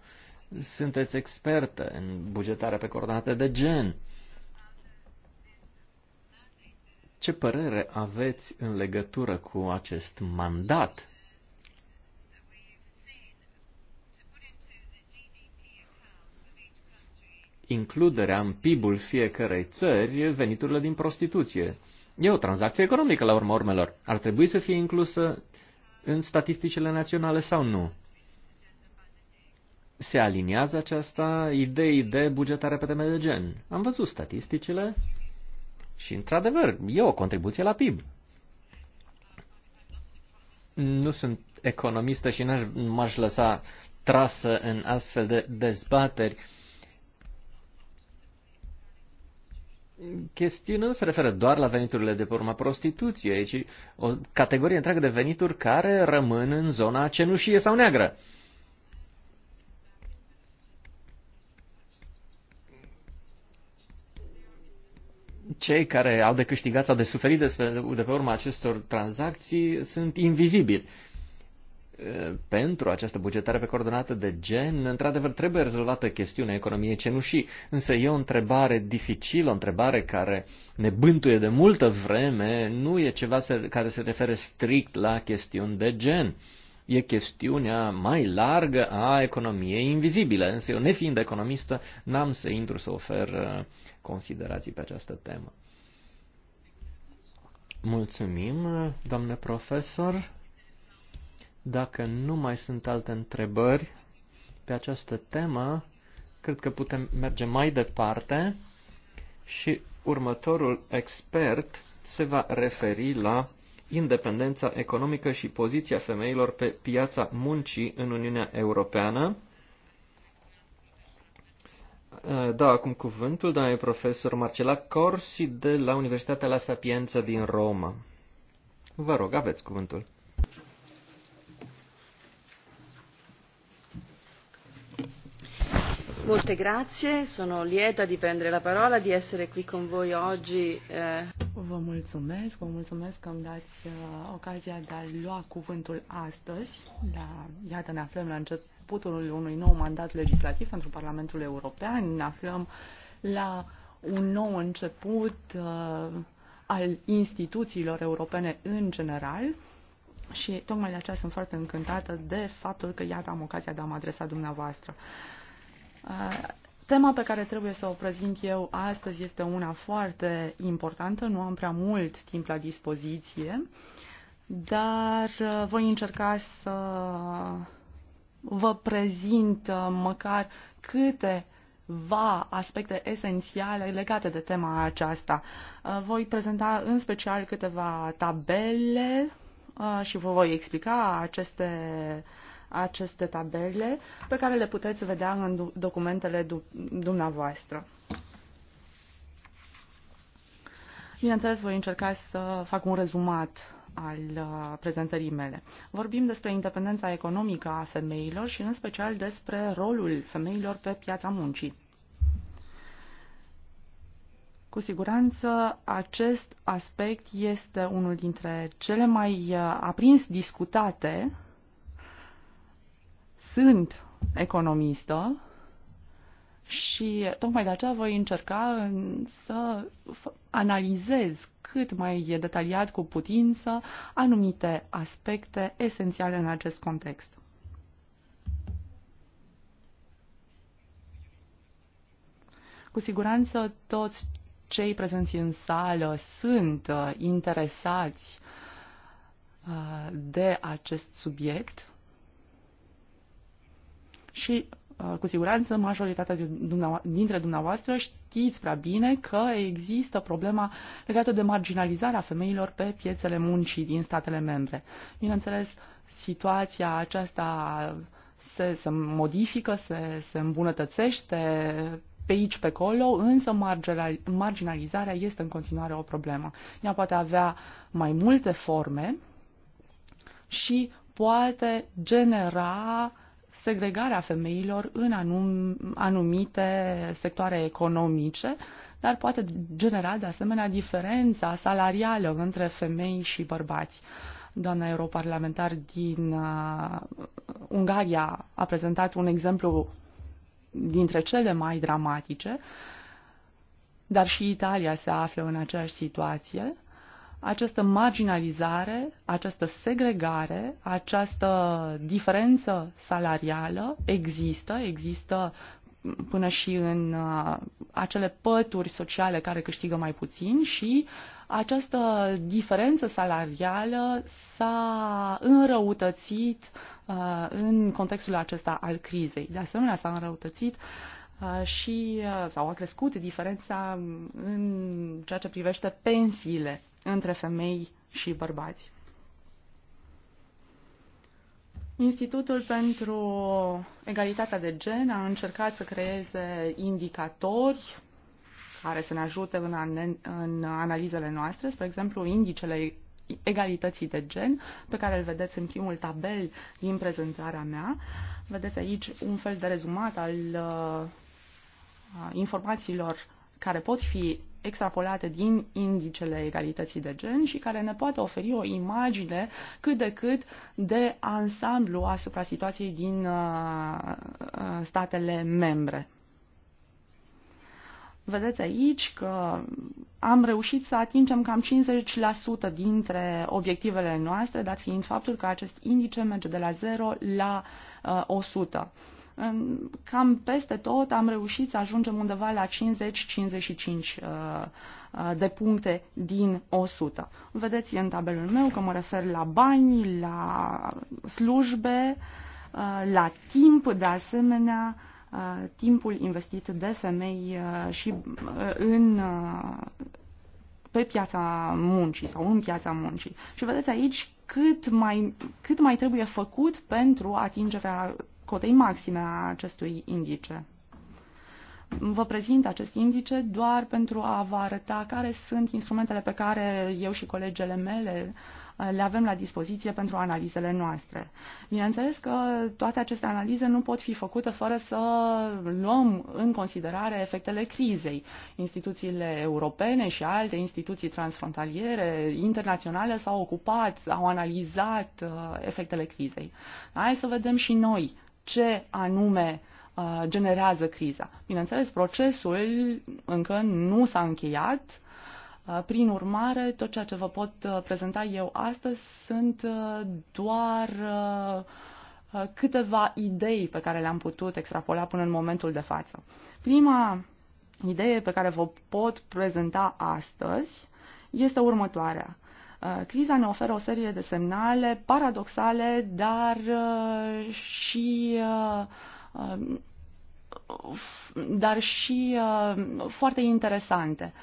sunteți expertă în bugetarea pe coordonate de gen. Ce părere aveți în legătură cu acest mandat includerea în PIB-ul fiecărei țări veniturile din prostituție. E o tranzacție economică, la urma urmelor. Ar trebui să fie inclusă în statisticile naționale sau nu? Se aliniază aceasta idei de bugetare pe teme de gen. Am văzut statisticile și, într-adevăr, e o contribuție la PIB. Nu sunt economistă și n-aș, m-aș lăsa trasă în astfel de dezbateri. Uh, chestiune nu se referă doar la veniturile de pe urma prostituției, ci o categorie întreagă de venituri care rămân în zona cenușie sau neagră. Cei care au de câștigat sau de suferit de pe urma acestor tranzacții sunt invizibili pentru această bugetare pe coordonată de gen, într-adevăr, trebuie rezolvată chestiunea economiei cenușii, însă e o întrebare dificilă, o întrebare care ne bântuie de multă vreme, nu e ceva care se refere strict la chestiuni de gen. E chestiunea mai largă a economiei invizibile, însă eu, nefiind economistă, n-am să intru să ofer uh, considerații pe această temă. Mulțumim, uh, doamne profesor. Dacă nu mai sunt alte întrebări pe această temă, cred că putem merge mai departe și următorul expert se va referi la independența economică și poziția femeilor pe piața muncii în Uniunea Europeană. Da, acum cuvântul, doamne profesor Marcela Corsi de la Universitatea La Sapienza din Roma. Vă rog, aveți cuvântul. Molte grazie, sono lieta di prendere la parola, di essere qui con voi oggi. Eh. Vă mulțumesc, vă mulțumesc că îmi dați uh, ocazia de a lua cuvântul astăzi. Da, iată, ne aflăm la începutul unui nou mandat legislativ pentru Parlamentul European, ne aflăm la un nou început uh, al instituțiilor europene în general. Și tocmai de aceea sunt foarte încântată de faptul că, iată, am ocazia de a mă adresa dumneavoastră. Uh, Uh, tema pe care trebuie să o prezint eu astăzi este una foarte importantă, nu am prea mult timp la dispoziție, dar uh, voi încerca să vă prezint uh, măcar câte va aspecte esențiale legate de tema aceasta. Voi prezenta în special câteva tabele și vă voi explica aceste uh, aceste tabele pe care le puteți vedea în documentele dumneavoastră. Bineînțeles, voi încerca să fac un rezumat al uh, prezentării mele. Vorbim despre independența economică a femeilor și în special despre rolul femeilor pe piața muncii. Cu siguranță, acest aspect este unul dintre cele mai uh, aprins discutate sunt economistă și tocmai de aceea voi încerca să analizez cât mai detaliat cu putință anumite aspecte esențiale în acest context. Cu siguranță toți cei prezenți în sală sunt uh, interesați uh, de acest subiect și uh, cu siguranță majoritatea dintre dumneavoastră știți prea bine că există problema legată de marginalizarea femeilor pe piețele muncii din statele membre. Bineînțeles, situația aceasta se, se modifică, se, se îmbunătățește pe aici, pe acolo, însă marginalizarea este în continuare o problemă. Ea poate avea mai multe forme și poate genera uh, segregarea femeilor în anum, anumite sectoare economice, dar poate genera de asemenea diferența salarială între femei și bărbați. Doamna europarlamentar din uh, Ungaria a prezentat un exemplu dintre cele mai dramatice, dar și Italia se află în aceeași situație această marginalizare, această segregare, această diferență salarială există, există până și în uh, acele pături sociale care câștigă mai puțin și această diferență salarială s-a înrăutățit uh, în contextul acesta al crizei. De asemenea, s-a înrăutățit uh, și sau a crescut diferența mm, în ceea ce privește pensiile între femei și bărbați. Institutul pentru Egalitatea de Gen a încercat să creeze indicatori care să ne ajute în, an- în analizele noastre, spre exemplu, indicele egalității de gen, pe care îl vedeți în primul tabel din prezentarea mea. Vedeți aici un fel de rezumat al uh, informațiilor care pot fi extrapolate din indicele egalității de gen și care ne poate oferi o imagine cât de cât de ansamblu asupra situației din uh, uh, statele membre. Vedeți aici că am reușit să atingem cam 50% dintre obiectivele noastre, dat fiind faptul că acest indice merge de la 0 la 100. Uh, cam peste tot am reușit să ajungem undeva la 50-55 uh, uh, de puncte din 100. Vedeți în tabelul meu că mă refer la bani, la slujbe, uh, la timp, de asemenea, timpul investit de femei și în pe piața muncii sau în piața muncii. Și vedeți aici cât mai, cât mai trebuie făcut pentru atingerea cotei maxime a acestui indice. Vă prezint acest indice doar pentru a vă arăta care sunt instrumentele pe care eu și colegele mele uh, le avem la dispoziție pentru analizele noastre. Bineînțeles că toate aceste analize nu pot fi făcute fără să luăm în considerare efectele crizei. Instituțiile europene și alte instituții transfrontaliere, internaționale s-au ocupat, au analizat uh, efectele crizei. Hai să vedem și noi ce anume uh, generează criza. Bineînțeles, procesul încă nu s-a încheiat. Uh, prin urmare, tot ceea ce vă pot uh, prezenta eu astăzi sunt doar câteva idei pe care le-am putut extrapola până în momentul de față. Prima idee pe care vă pot prezenta astăzi este următoarea. Uh, criza ne oferă o serie de semnale paradoxale, dar uh, și uh, um, dar și foarte interesante.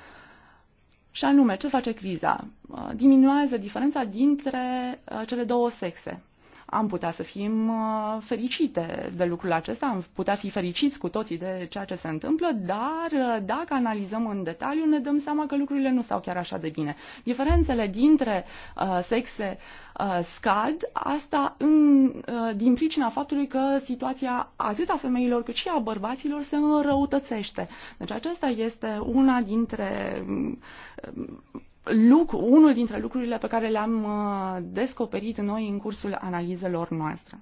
Și anume, ce face criza? Diminuează diferența dintre cele două sexe am putea să fim uh, fericite de lucrul acesta, am putea fi fericiți cu toții de ceea ce se întâmplă, dar uh, dacă analizăm în detaliu ne dăm seama că lucrurile nu stau chiar așa de bine. Diferențele dintre uh, sexe uh, scad, asta în, din pricina faptului că situația atât a femeilor cât și a bărbaților se înrăutățește. Deci acesta este una dintre mm, lucru, unul dintre lucrurile pe care le-am uh, descoperit noi în cursul analizelor noastre.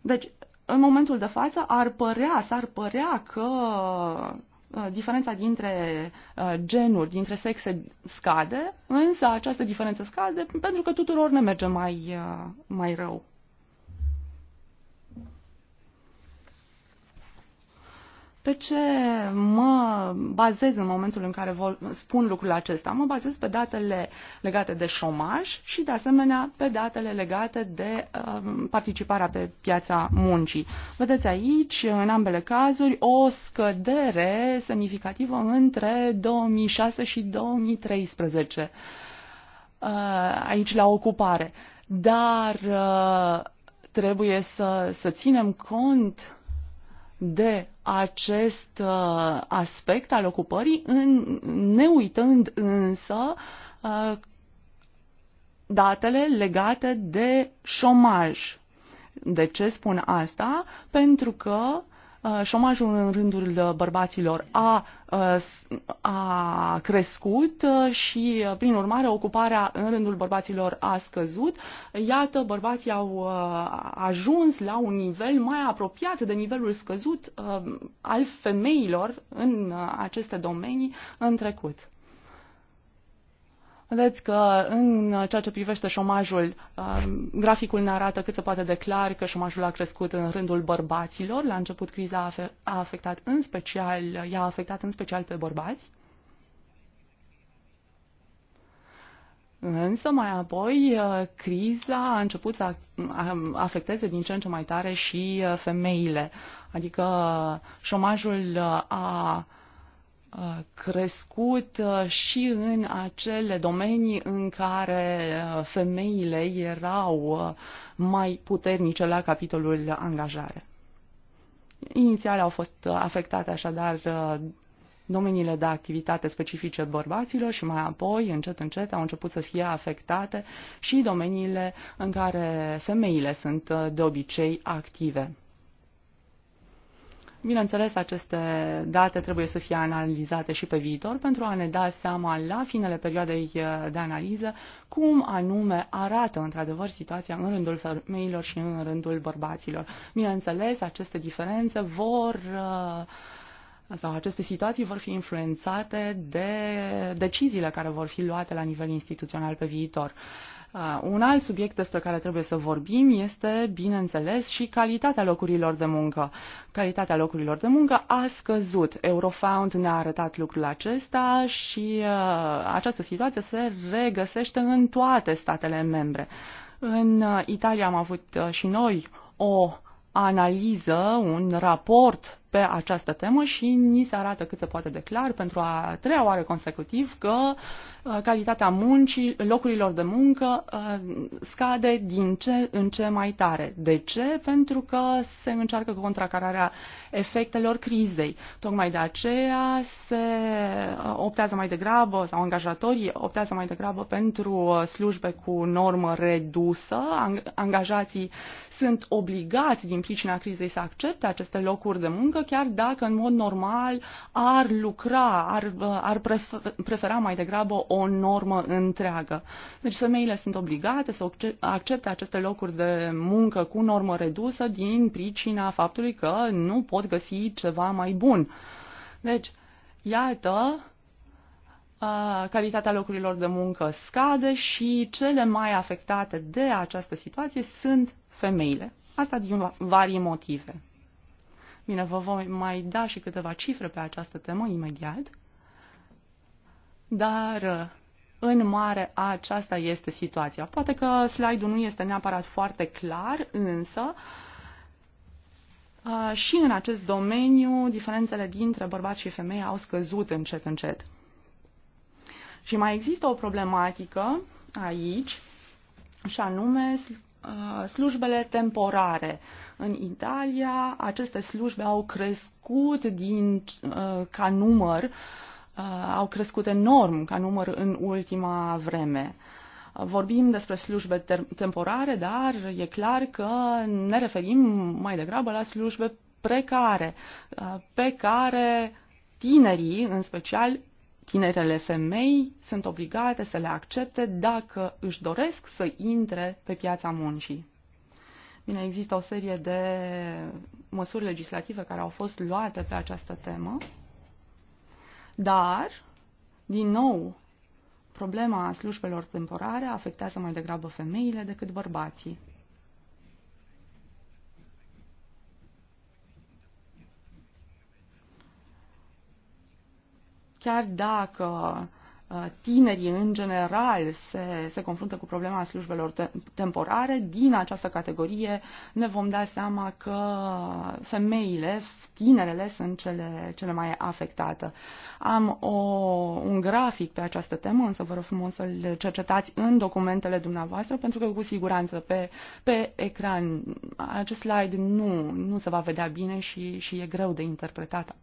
Deci, în momentul de față, ar părea, s-ar părea că uh, diferența dintre uh, genuri, dintre sexe scade, însă această diferență scade pentru că tuturor ne merge mai, mai rău. Pe ce mă bazez în momentul în care spun lucrul acesta? Mă bazez pe datele legate de șomaj și, de asemenea, pe datele legate de uh, participarea pe piața muncii. Vedeți aici, în ambele cazuri, o scădere semnificativă între 2006 și 2013 uh, aici la ocupare. Dar uh, trebuie să, să ținem cont de acest uh, aspect al ocupării, în, ne uitând însă uh, datele legate de șomaj. De ce spun asta? Pentru că Uh, șomajul în rândul uh, bărbaților a, uh, a crescut și, prin urmare, ocuparea în rândul bărbaților a scăzut. Iată, bărbații au ajuns la un nivel mai apropiat de nivelul scăzut al femeilor în aceste domenii în trecut. Vedeți că în ceea ce privește șomajul, um, graficul ne arată cât se poate de clar că șomajul a crescut în rândul bărbaților. La început criza a afectat în special, i-a afectat în special pe bărbați. Însă mai apoi uh, criza a început să afecteze din ce în ce mai tare și uh, femeile. Adică șomajul uh, a crescut uh, și în acele domenii în care uh, femeile erau uh, mai puternice la capitolul angajare. Inițial au fost afectate așadar domeniile de activitate specifice bărbaților și mai apoi, încet, încet, au început să fie afectate și domeniile în care femeile sunt de obicei active. Bineînțeles, aceste date trebuie să fie analizate și pe viitor pentru a ne da seama la finele perioadei eh, de analiză cum anume arată într-adevăr situația în rândul femeilor și în rândul bărbaților. Bineînțeles, aceste diferențe vor eh, sau aceste situații vor fi influențate de deciziile care vor fi luate la nivel instituțional pe viitor. Uh, Ah, un alt subiect despre care trebuie să vorbim este, bineînțeles, și calitatea locurilor de muncă. Calitatea locurilor de muncă a scăzut. Eurofound ne-a arătat lucrul acesta și ah, această situație se regăsește în toate statele membre. În ah, Italia am avut și noi o analiză, un raport pe această temă și ni se arată cât se poate de clar pentru a treia oară consecutiv că uh, calitatea muncii, locurilor de muncă uh, scade din ce în ce mai tare. De ce? Pentru că se încearcă contracararea efectelor crizei. Tocmai de aceea se uh, optează mai degrabă sau angajatorii optează mai degrabă pentru slujbe cu normă redusă. Angajații sunt obligați din pricina crizei să accepte aceste locuri de muncă că chiar dacă în mod normal ar lucra, ar, uh, ar prefera mai degrabă o normă întreagă. Deci femeile sunt obligate să accepte aceste locuri de muncă cu normă redusă din pricina faptului că nu pot găsi ceva mai bun. Deci, iată, uh, calitatea locurilor de muncă scade și cele mai afectate de această situație sunt femeile. Asta din varii motive. Bine, vă voi mai da și câteva cifre pe această temă imediat. Dar uh, în mare aceasta este situația. Poate că slide-ul nu este neapărat foarte clar, însă uh, și în acest domeniu diferențele dintre bărbați și femei au scăzut încet încet. Și mai există o problematică aici și anume Uh, slujbele temporare. În Italia, aceste slujbe au crescut din, uh, ca număr, uh, au crescut enorm ca număr în ultima vreme. Vorbim despre slujbe temporare, dar e clar că ne referim mai degrabă la slujbe precare, pe care tinerii, în special, Tinerele femei sunt obligate să le accepte dacă își doresc să intre pe piața muncii. Bine, există o serie de măsuri legislative care au fost luate pe această temă, dar, din nou, problema slujbelor temporare afectează mai degrabă femeile decât bărbații. Chiar dacă uh, tinerii în general se, se confruntă cu problema slujbelor te- temporare, din această categorie ne vom da seama că femeile, tinerele sunt cele, cele mai afectate. Am o, un grafic pe această temă, însă vă rog frumos să-l cercetați în documentele dumneavoastră, pentru că cu siguranță pe, pe ecran acest slide nu, nu se va vedea bine și, și e greu de interpretat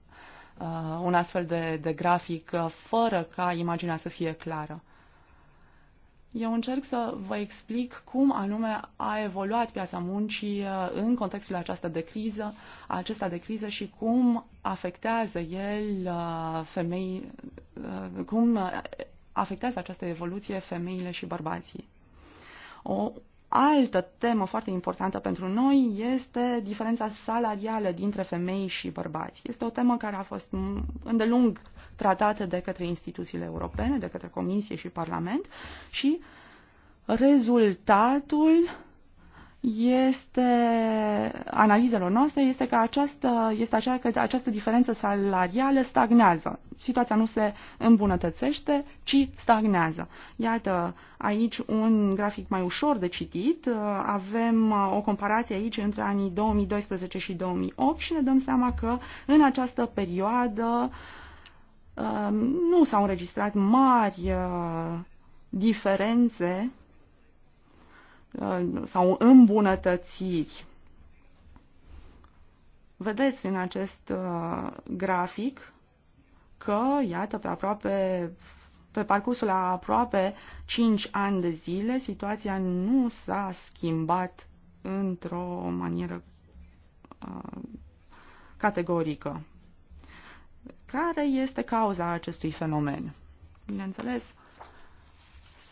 Uh, un astfel de, de grafic uh, fără ca imaginea să fie clară. Eu încerc să vă explic cum anume a evoluat piața muncii uh, în contextul acesta de criză, acesta de criză și cum afectează el femei, cum afectează această evoluție femeile și bărbații. O, altă temă foarte importantă pentru noi este diferența salarială dintre femei și bărbați. Este o temă care a fost îndelung tratată de către instituțiile europene, de către Comisie și Parlament și rezultatul este, analizelor noastre este că această, este aceea că această diferență salarială stagnează. Situația nu se îmbunătățește, ci stagnează. Iată aici un grafic mai ușor de citit. Avem uh, o comparație aici între anii 2012 și 2008 și ne dăm seama că în această perioadă uh, nu s-au înregistrat mari uh, diferențe Uh, sau îmbunătățiri. Vedeți în acest uh, grafic că, iată, pe aproape pe parcursul a aproape 5 ani de zile, situația nu s-a schimbat într-o manieră uh, categorică. Care este cauza acestui fenomen? Bineînțeles, uh,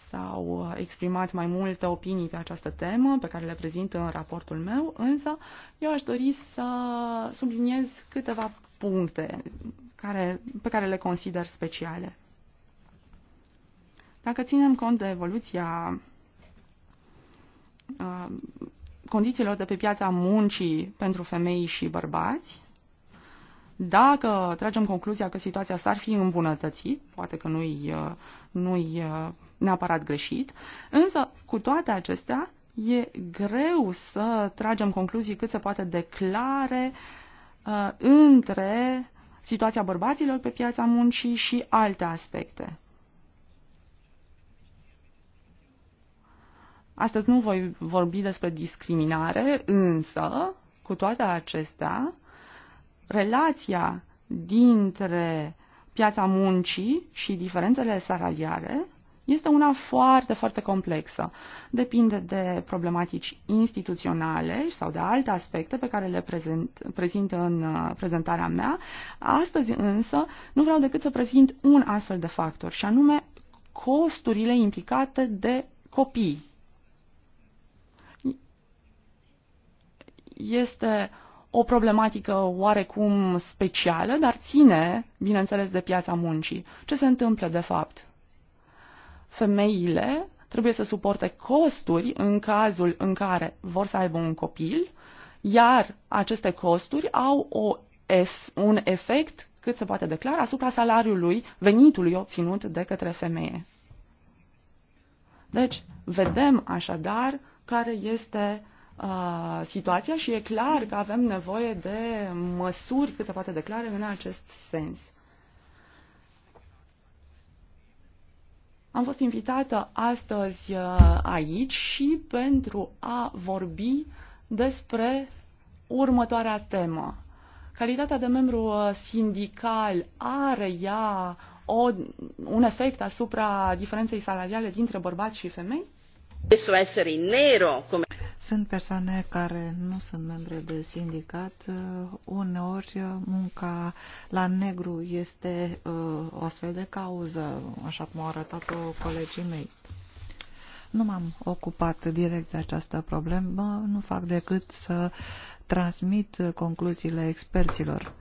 s-au uh, exprimat mai multe opinii pe această temă, pe care le prezint în raportul meu, însă eu aș dori să subliniez câteva puncte care, pe care le consider speciale. Dacă ținem cont de evoluția uh, condițiilor de pe piața muncii pentru femei și bărbați, dacă tragem concluzia că situația s-ar fi îmbunătățit, poate că nu-i, uh, nu-i uh, neapărat greșit, însă cu toate acestea e greu să tragem concluzii cât se poate de clare uh, între situația bărbaților pe piața muncii și alte aspecte. Astăzi nu voi vorbi despre discriminare, însă, cu toate acestea, relația dintre piața muncii și diferențele salariare este una foarte, foarte complexă. Depinde de problematici instituționale sau de alte aspecte pe care le prezint, prezint în uh, prezentarea mea. Astăzi însă nu vreau decât să prezint un astfel de factor și anume costurile implicate de copii. Este o problematică oarecum specială, dar ține, bineînțeles, de piața muncii. Ce se întâmplă de fapt? femeile trebuie să suporte costuri în cazul în care vor să aibă un copil, iar aceste costuri au o ef- un efect cât se poate declara asupra salariului, venitului obținut de către femeie. Deci, vedem așadar care este uh, situația și e clar că avem nevoie de măsuri cât se poate declara în acest sens. Am fost invitată astăzi uh, aici și pentru a vorbi despre următoarea temă. Calitatea de membru uh, sindical are ea o, un efect asupra diferenței salariale dintre bărbați și femei? Adesso essere nero come sunt persoane care nu sunt membre de sindicat. Uneori munca la negru este uh, o astfel de cauză, așa cum au arătat-o colegii mei. Nu m-am ocupat direct de această problemă, nu fac decât să transmit concluziile experților.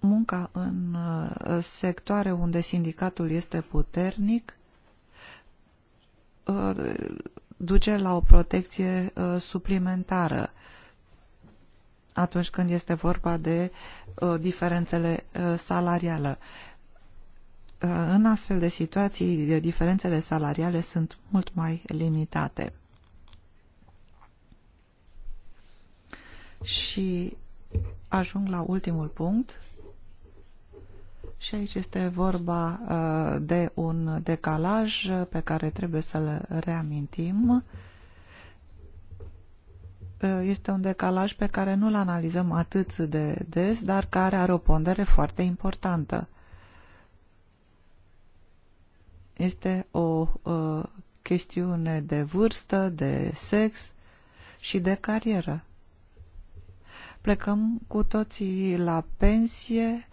Munca în uh, sectoare unde sindicatul este puternic Uh, duce la o protecție uh, suplimentară atunci când este vorba de uh, diferențele salariale. În astfel de situații, diferențele salariale sunt mult mai limitate. Și ajung la ultimul punct, și aici este vorba uh, de un decalaj uh, pe care trebuie să-l reamintim. Uh, este un decalaj pe care nu-l analizăm atât de des, dar care are o pondere foarte importantă. Este o chestiune de vârstă, de sex și de carieră. Plecăm cu toții la pensie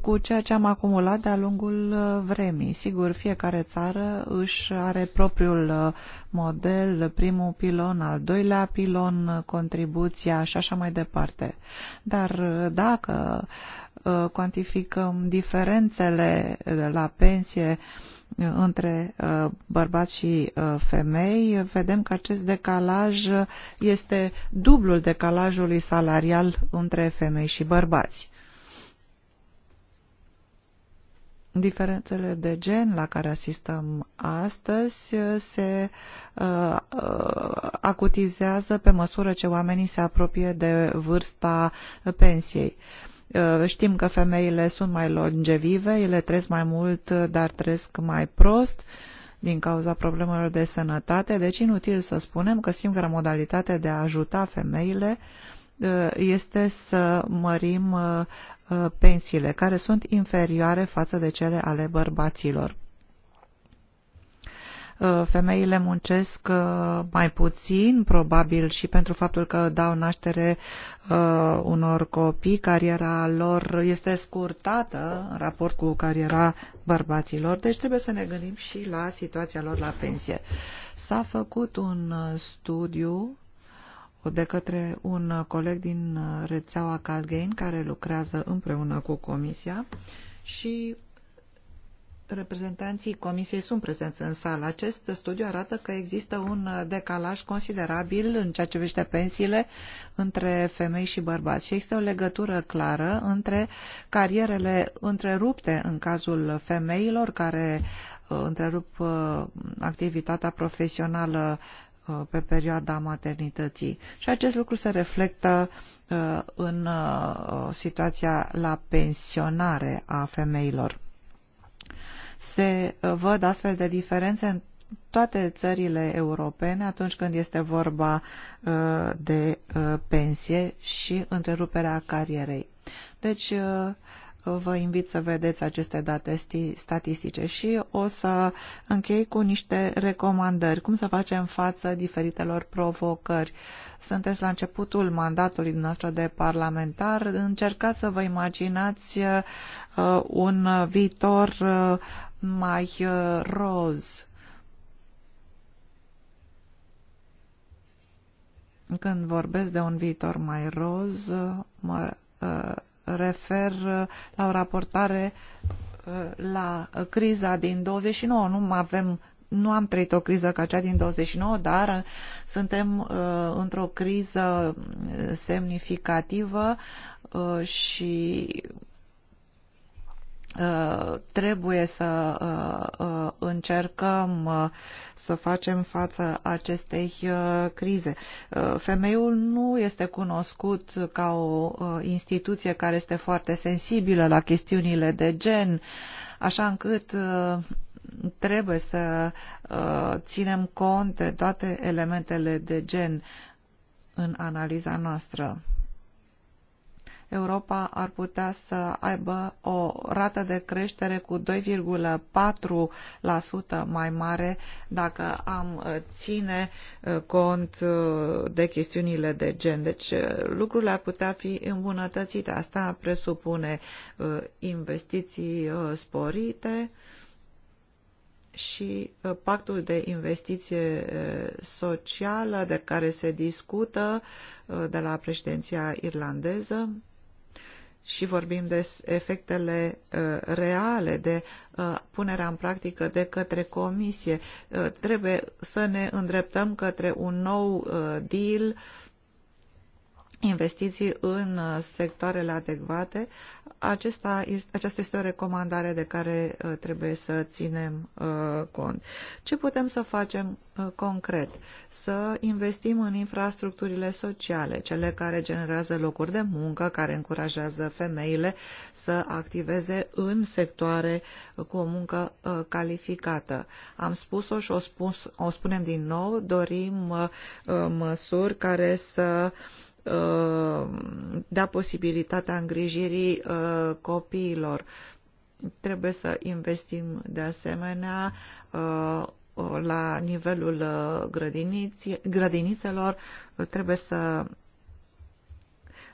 cu ceea ce am acumulat de-a lungul uh, vremii. Sigur, fiecare țară își are propriul uh, model, primul pilon, al doilea pilon, uh, contribuția și așa mai departe. Dar dacă cuantificăm diferențele la pensie între uh, bărbați și uh, femei, vedem că acest decalaj este dublul decalajului salarial între femei și bărbați. Diferențele de gen la care asistăm astăzi se uh, uh acutizează pe măsură ce oamenii se apropie de vârsta pensiei. Uh, Uh, știm că femeile sunt mai longevive, ele trăiesc mai mult, uh, dar trăiesc mai prost din cauza problemelor de sănătate, deci inutil să spunem că singura modalitate de a ajuta femeile uh, este să mărim pensiile, care sunt inferioare față de cele ale bărbaților. Uh, femeile muncesc uh, mai puțin, probabil și pentru faptul că dau naștere uh, unor copii, cariera lor este scurtată în raport cu cariera bărbaților, deci trebuie să ne gândim și la situația lor la pensie. S-a făcut un studiu de către un coleg din rețeaua Calgain care lucrează împreună cu Comisia și reprezentanții Comisiei sunt prezenți în sală. Acest studiu arată că există un decalaj considerabil în ceea ce privește pensiile între femei și bărbați și există o legătură clară între carierele întrerupte în cazul femeilor care uh, întrerup uh, activitatea profesională uh, pe perioada maternității. Și acest lucru se reflectă în situația la pensionare a femeilor. Se uh, văd astfel de diferențe în toate țările europene atunci când este vorba uh, de uh, pensie și întreruperea carierei. Deci vă invit să vedeți aceste date statistice și o să închei cu niște recomandări. Cum să facem față diferitelor provocări? Sunteți la începutul mandatului nostru de parlamentar. Încercați să vă imaginați un viitor mai uh, roz. Când vorbesc de un viitor mai roz, uh, mă uh, refer la o raportare la criza din 29. Nu avem nu am trăit o criză ca cea din 29, dar suntem uh, într-o criză semnificativă uh, și Uh, trebuie să uh, uh, încercăm să facem față acestei crize. Femeiul nu este cunoscut ca o instituție care este foarte sensibilă la chestiunile de gen, așa încât trebuie să ținem cont de toate elementele de gen în analiza noastră. Europa ar putea să aibă o rată de creștere cu 2,4% mai mare dacă am uh, ține uh, cont uh, de chestiunile de gen. Deci lucrurile ar putea fi îmbunătățite. Asta presupune investiții sporite și pactul de investiție socială de care se discută de la președinția irlandeză și vorbim de efectele uh, reale de uh, punerea în practică de către comisie. Uh, trebuie să ne îndreptăm către un nou deal investiții în uh, sectoarele adecvate. Acesta este, aceasta este o recomandare de care uh, trebuie să ținem uh, cont. Ce putem să facem concret? Să investim în infrastructurile sociale, cele care generează locuri de muncă, care încurajează femeile să activeze în sectoare cu o muncă calificată. Am spus-o și o, spus, o spunem din nou, dorim măsuri care să Uh, da posibilitatea îngrijirii uh, copiilor. Trebuie să investim de asemenea uh, la nivelul grădinițelor, trebuie să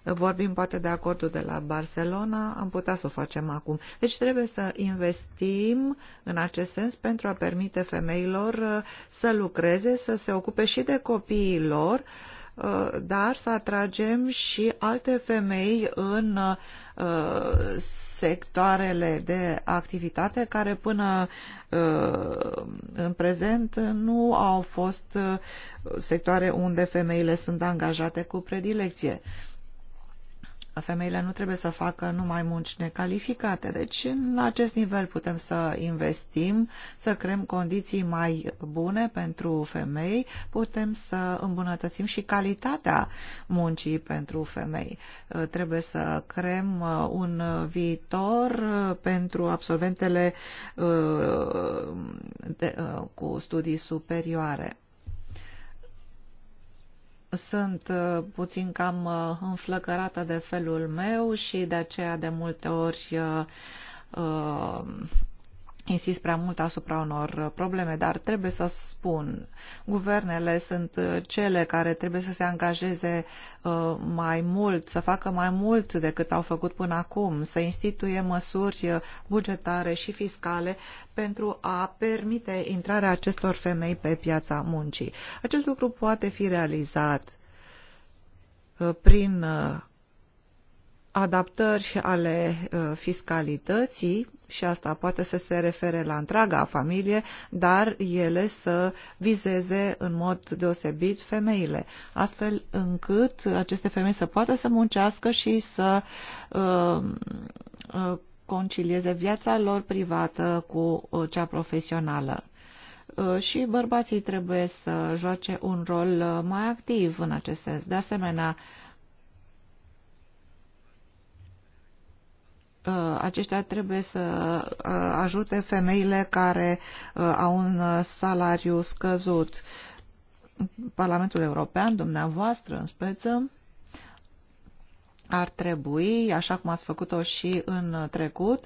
vorbim poate de acordul de la Barcelona, am putea să o facem acum. Deci trebuie să investim în acest sens pentru a permite femeilor să lucreze, să se ocupe și de copiii lor, uh, Uh, dar să atragem și alte femei în uh, sectoarele de activitate care până uh, în prezent nu au fost sectoare unde femeile sunt angajate cu predilecție. Femeile nu trebuie să facă numai munci necalificate, deci la acest nivel putem să investim, să creăm condiții mai bune pentru femei, putem să îmbunătățim și calitatea muncii pentru femei. Trebuie să creăm uh, un viitor uh, pentru absolventele uh, cu studii superioare sunt uh, puțin cam uh, înflăcărată de felul meu și de aceea de multe ori uh, insist prea mult asupra unor uh, probleme, dar trebuie să spun, guvernele sunt uh, cele care trebuie să se angajeze uh, mai mult, să facă mai mult decât au făcut până acum, să instituie măsuri bugetare și fiscale pentru a permite intrarea acestor femei pe piața muncii. Acest lucru poate fi realizat prin adaptări ale uh, fiscalității și asta poate să se refere la întreaga familie, dar ele să vizeze în mod deosebit femeile, astfel încât aceste femei să poată să muncească și să uh, uh, concilieze viața lor privată cu uh, cea profesională. Uh, și bărbații trebuie să joace un rol mai activ în acest sens. De asemenea, uh, Uh, aceștia trebuie să uh, ajute femeile care uh, au un salariu scăzut. Parlamentul European, dumneavoastră în speță, ar trebui, așa cum ați făcut-o și în trecut,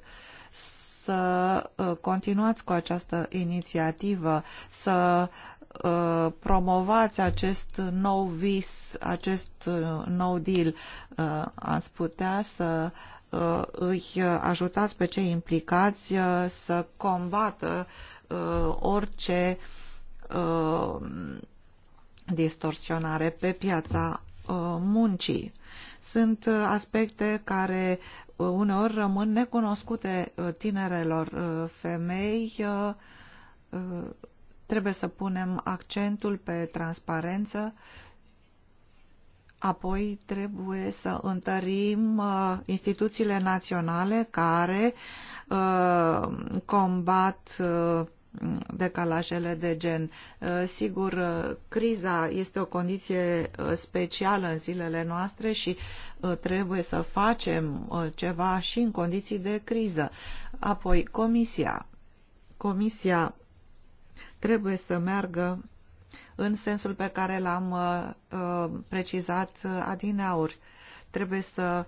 să continuați cu această inițiativă, să promovați acest nou vis, acest nou deal. Ați putea să Uh, îi ajutați pe cei implicați uh, să combată uh, orice distorsionare pe piața muncii. Sunt aspecte care uneori rămân necunoscute tinerelor femei. Trebuie să punem accentul pe transparență Apoi trebuie să întărim uh, instituțiile naționale care uh, combat uh, decalajele de gen. Sigur, criza este o condiție specială în zilele noastre și trebuie să facem ceva și în condiții de criză. Apoi, Comisia. Comisia trebuie să meargă în sensul pe care l-am uh, uh, precizat uh, adineauri. Trebuie să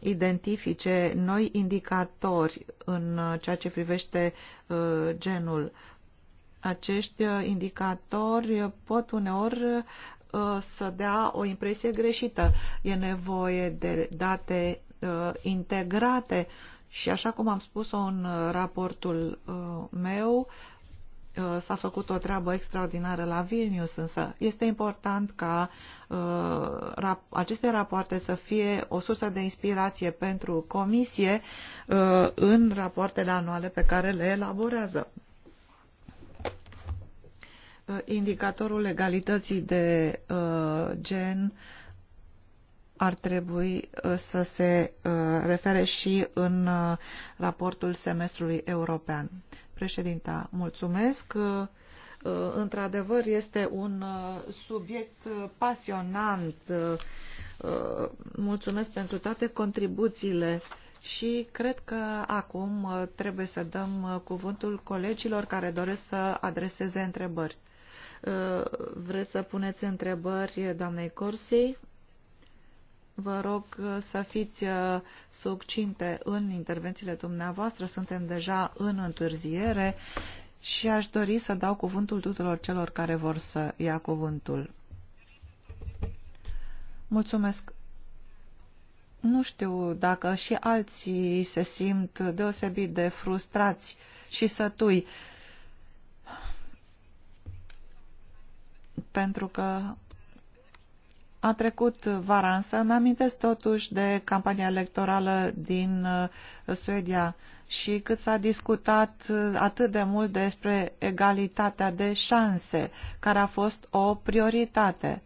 identifice noi indicatori în ceea ce privește genul. Acești indicatori pot uneori să dea o impresie greșită. E nevoie de date integrate și așa cum am spus-o în raportul meu, Uh, s-a făcut o treabă extraordinară la Vilnius, însă este important ca uh, aceste rapoarte să fie o sursă de inspirație pentru comisie uh, în rapoartele anuale pe care le elaborează. indicatorul legalității de gen ar trebui să se refere și în raportul semestrului european. Președinta, mulțumesc. Uh, uh, într-adevăr, este un uh, subiect pasionant. Mulțumesc pentru toate contribuțiile și cred că acum trebuie să dăm cuvântul colegilor care doresc să adreseze întrebări. Vreți să puneți întrebări doamnei Corsi? Vă rog uh, să fiți uh, succinte în intervențiile dumneavoastră. Suntem deja în întârziere și aș dori să dau cuvântul tuturor celor care vor să ia cuvântul. Mulțumesc. Nu știu dacă și alții se simt deosebit de frustrați și sătui, pentru că a trecut vara, însă îmi amintesc totuși de campania electorală din uh, Suedia și cât s-a discutat uh, atât de mult despre egalitatea de șanse, care a fost o prioritate.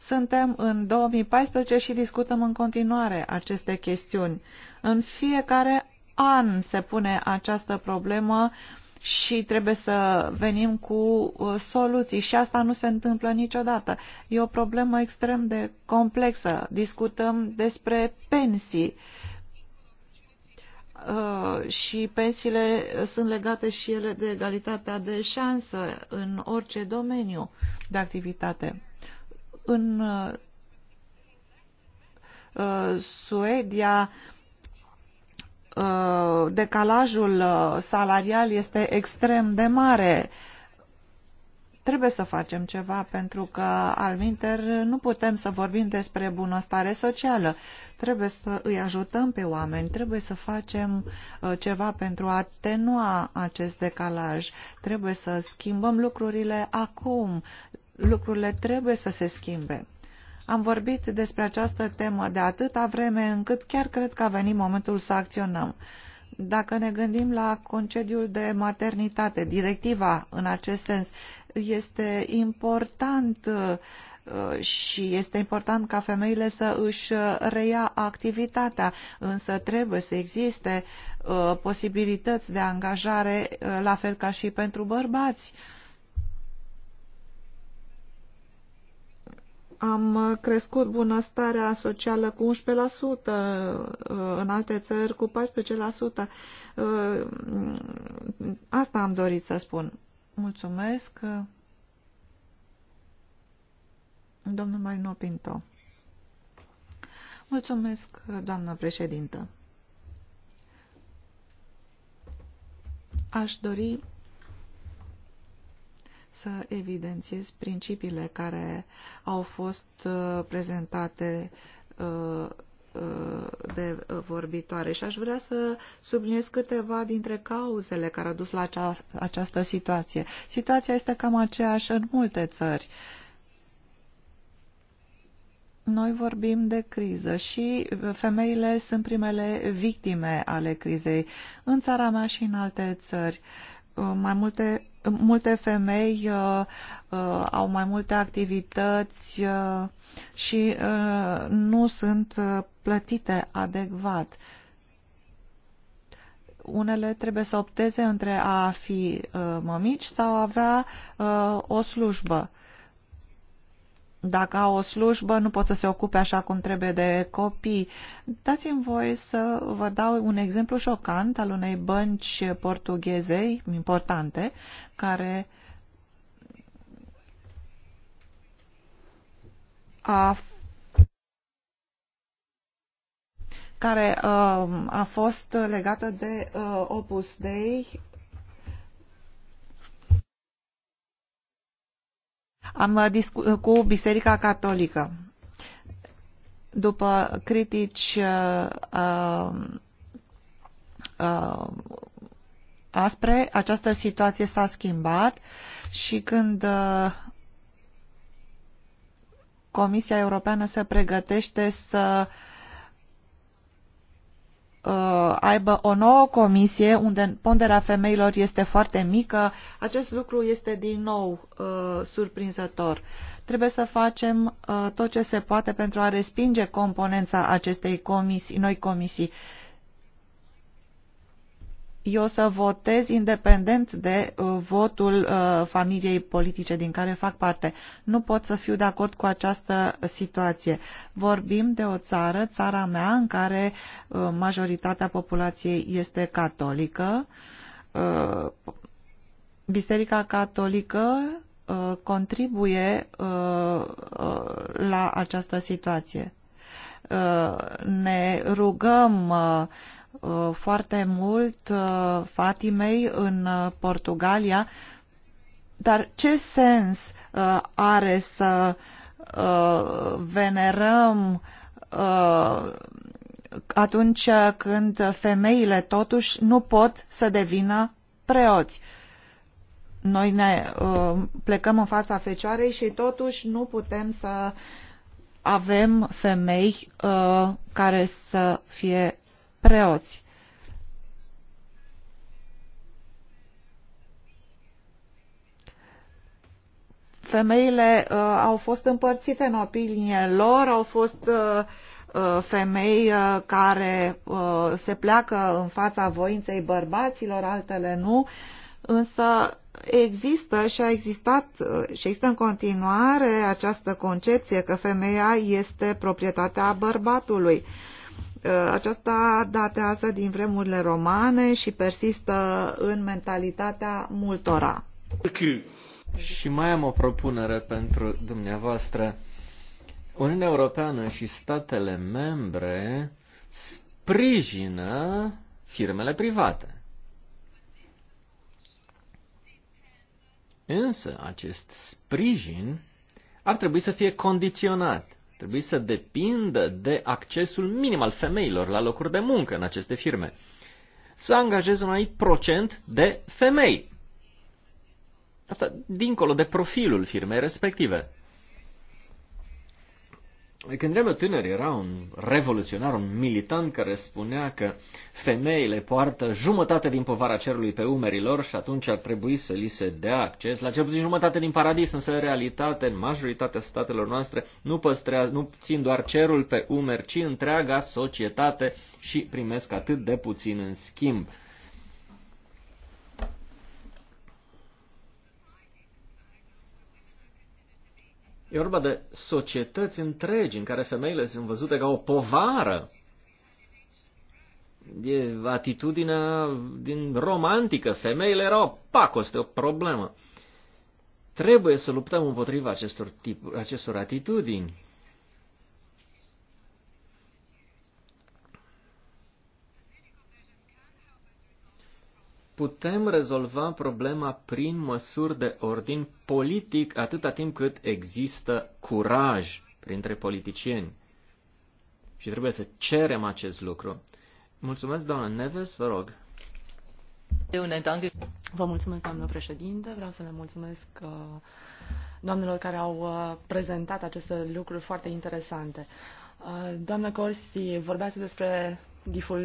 Suntem în 2014 și discutăm în continuare aceste chestiuni. În fiecare an se pune această problemă uh, și trebuie să venim cu uh, soluții și asta nu se întâmplă niciodată. E o problemă extrem de complexă. Discutăm despre pensii uh, și pensiile sunt legate și ele de egalitatea de șansă în orice domeniu de activitate. În uh, Suedia, Uh, decalajul uh, salarial este extrem de mare. Trebuie să facem ceva pentru că, minter nu putem să vorbim despre bunăstare socială. Trebuie să îi ajutăm pe oameni, trebuie să facem uh, ceva pentru a atenua acest decalaj. Trebuie să schimbăm lucrurile acum. Lucrurile trebuie să se schimbe. Am vorbit despre această temă de atâta vreme încât chiar cred că a venit momentul să acționăm. Dacă ne gândim la concediul de maternitate, directiva în acest sens, este important uh, și este important ca femeile să își reia activitatea, însă trebuie să existe uh, posibilități de angajare uh, la fel ca și pentru bărbați. Am crescut bunăstarea socială cu 11%, uh, în alte țări cu 14%. Uh, asta am dorit să spun. Mulțumesc. Domnul Marino Pinto. Mulțumesc, doamnă președintă. Aș dori să evidențiez principiile care au fost uh, prezentate uh, uh, de vorbitoare și aș vrea să subliniez câteva dintre cauzele care au dus la această, această situație. Situația este cam aceeași în multe țări. Noi vorbim de criză și femeile sunt primele victime ale crizei în țara mea și în alte țări. Mai multe multe femei uh, uh, au mai multe activități uh, și uh, nu sunt uh, plătite adecvat. Unele trebuie să opteze între a fi uh, mămici sau a avea uh, o slujbă. Uh, dacă au o slujbă, nu pot să se ocupe așa cum trebuie de copii. Dați-mi voie să vă dau un exemplu șocant al unei bănci portugheze importante care a care uh, a fost legată de uh, Opus Dei Am uh, discu- uh, cu Biserica Catolică. După critici uh, uh, uh, aspre, această situație s-a schimbat și când uh, Comisia Europeană se pregătește să uh, uh, aibă o nouă comisie unde ponderea femeilor este foarte mică, acest lucru este din nou uh, surprinzător. Trebuie să facem uh, tot ce se poate pentru a respinge componența acestei comisii, noi comisii. Uh, eu să votez independent de uh, votul uh, familiei politice din care fac parte. Nu pot să fiu de acord cu această situație. Vorbim de o țară, țara mea, în care uh, majoritatea populației este catolică. Biserica catolică contribuie la această situație. Ne rugăm Uh, foarte mult uh, Fatimei în uh, Portugalia, dar ce sens are să venerăm atunci când femeile totuși nu pot să devină preoți? Noi ne plecăm în fața fecioarei și totuși nu putem să avem femei care să fie preoți. Femeile uh, au fost împărțite în opinie lor, au fost uh, uh femei uh, care uh, se pleacă în fața voinței bărbaților, altele nu, însă există și a existat și există în continuare această concepție că femeia este proprietatea bărbatului. Uh, aceasta datează din vremurile romane și persistă în mentalitatea multora. Și mai am o propunere pentru dumneavoastră. Uniunea Europeană și statele membre sprijină firmele private. Însă acest sprijin ar trebui să fie condiționat trebui să depindă de accesul minim al femeilor la locuri de muncă în aceste firme. Să angajeze un anumit procent de femei. Asta dincolo de profilul firmei respective. Când eram tânăr, era un revoluționar, un militant care spunea că femeile poartă jumătate din povara cerului pe umerii lor și atunci ar trebui să li se dea acces la cel puțin jumătate din paradis, însă în realitate, în majoritatea statelor noastre, nu, păstrea, nu țin doar cerul pe umeri, ci întreaga societate și primesc atât de puțin în schimb. E vorba de societăți întregi în care femeile sunt văzute ca o povară. E atitudinea din romantică. Femeile erau o pacoste, o problemă. Trebuie să luptăm împotriva acestor, tip, acestor atitudini. putem rezolva problema prin măsuri de ordin politic atâta timp cât există curaj printre politicieni. Și trebuie să cerem acest lucru. Mulțumesc, doamnă Neves, vă rog. Vă mulțumesc, doamnă președinte. Vreau să le mulțumesc uh, doamnelor care au uh, prezentat aceste lucruri foarte interesante. Uh, Doamna Corsi, vorbeați despre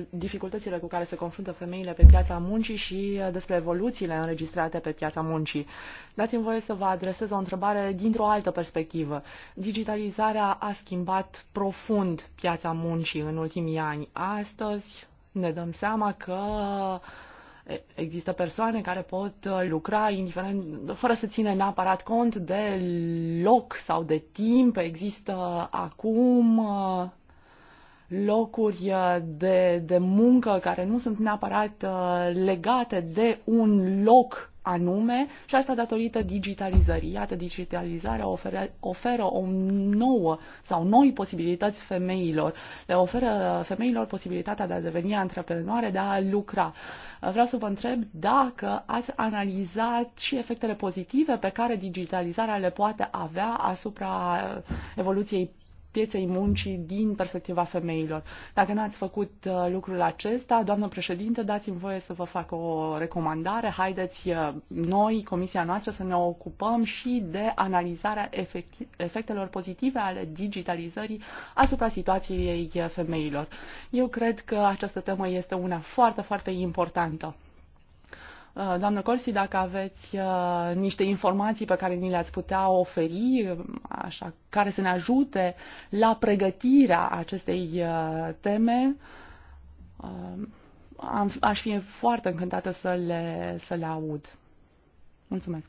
dificultățile cu care se confruntă femeile pe piața muncii și uh, despre evoluțiile înregistrate pe piața muncii. Dați-mi voie să vă adresez o întrebare dintr-o altă perspectivă. Digitalizarea a schimbat profund piața muncii în ultimii ani. Astăzi ne dăm seama că există persoane care pot uh, lucra indiferent, fără să ține neapărat cont de loc sau de timp. Există acum uh, locuri uh, de, de muncă care nu sunt neapărat uh, legate de un loc anume și asta datorită digitalizării. Iată, digitalizarea oferă, oferă o nouă sau noi posibilități femeilor. Le oferă femeilor posibilitatea de a deveni antreprenoare, de a lucra. Uh, vreau să vă întreb dacă ați analizat și efectele pozitive pe care digitalizarea le poate avea asupra evoluției pieței muncii din perspectiva femeilor. Dacă nu ați făcut uh, lucrul acesta, doamnă președinte, dați-mi voie să vă fac o recomandare. Haideți uh, noi, comisia noastră, să ne ocupăm și de analizarea efectelor pozitive ale digitalizării asupra situației uh, femeilor. Eu cred că această temă este una foarte, foarte importantă. Uh, doamnă Corsi, dacă aveți uh, niște informații pe care ni le-ați putea oferi, uh, așa, care să ne ajute la pregătirea acestei teme, aș fi foarte încântată să le, să le aud. Mulțumesc.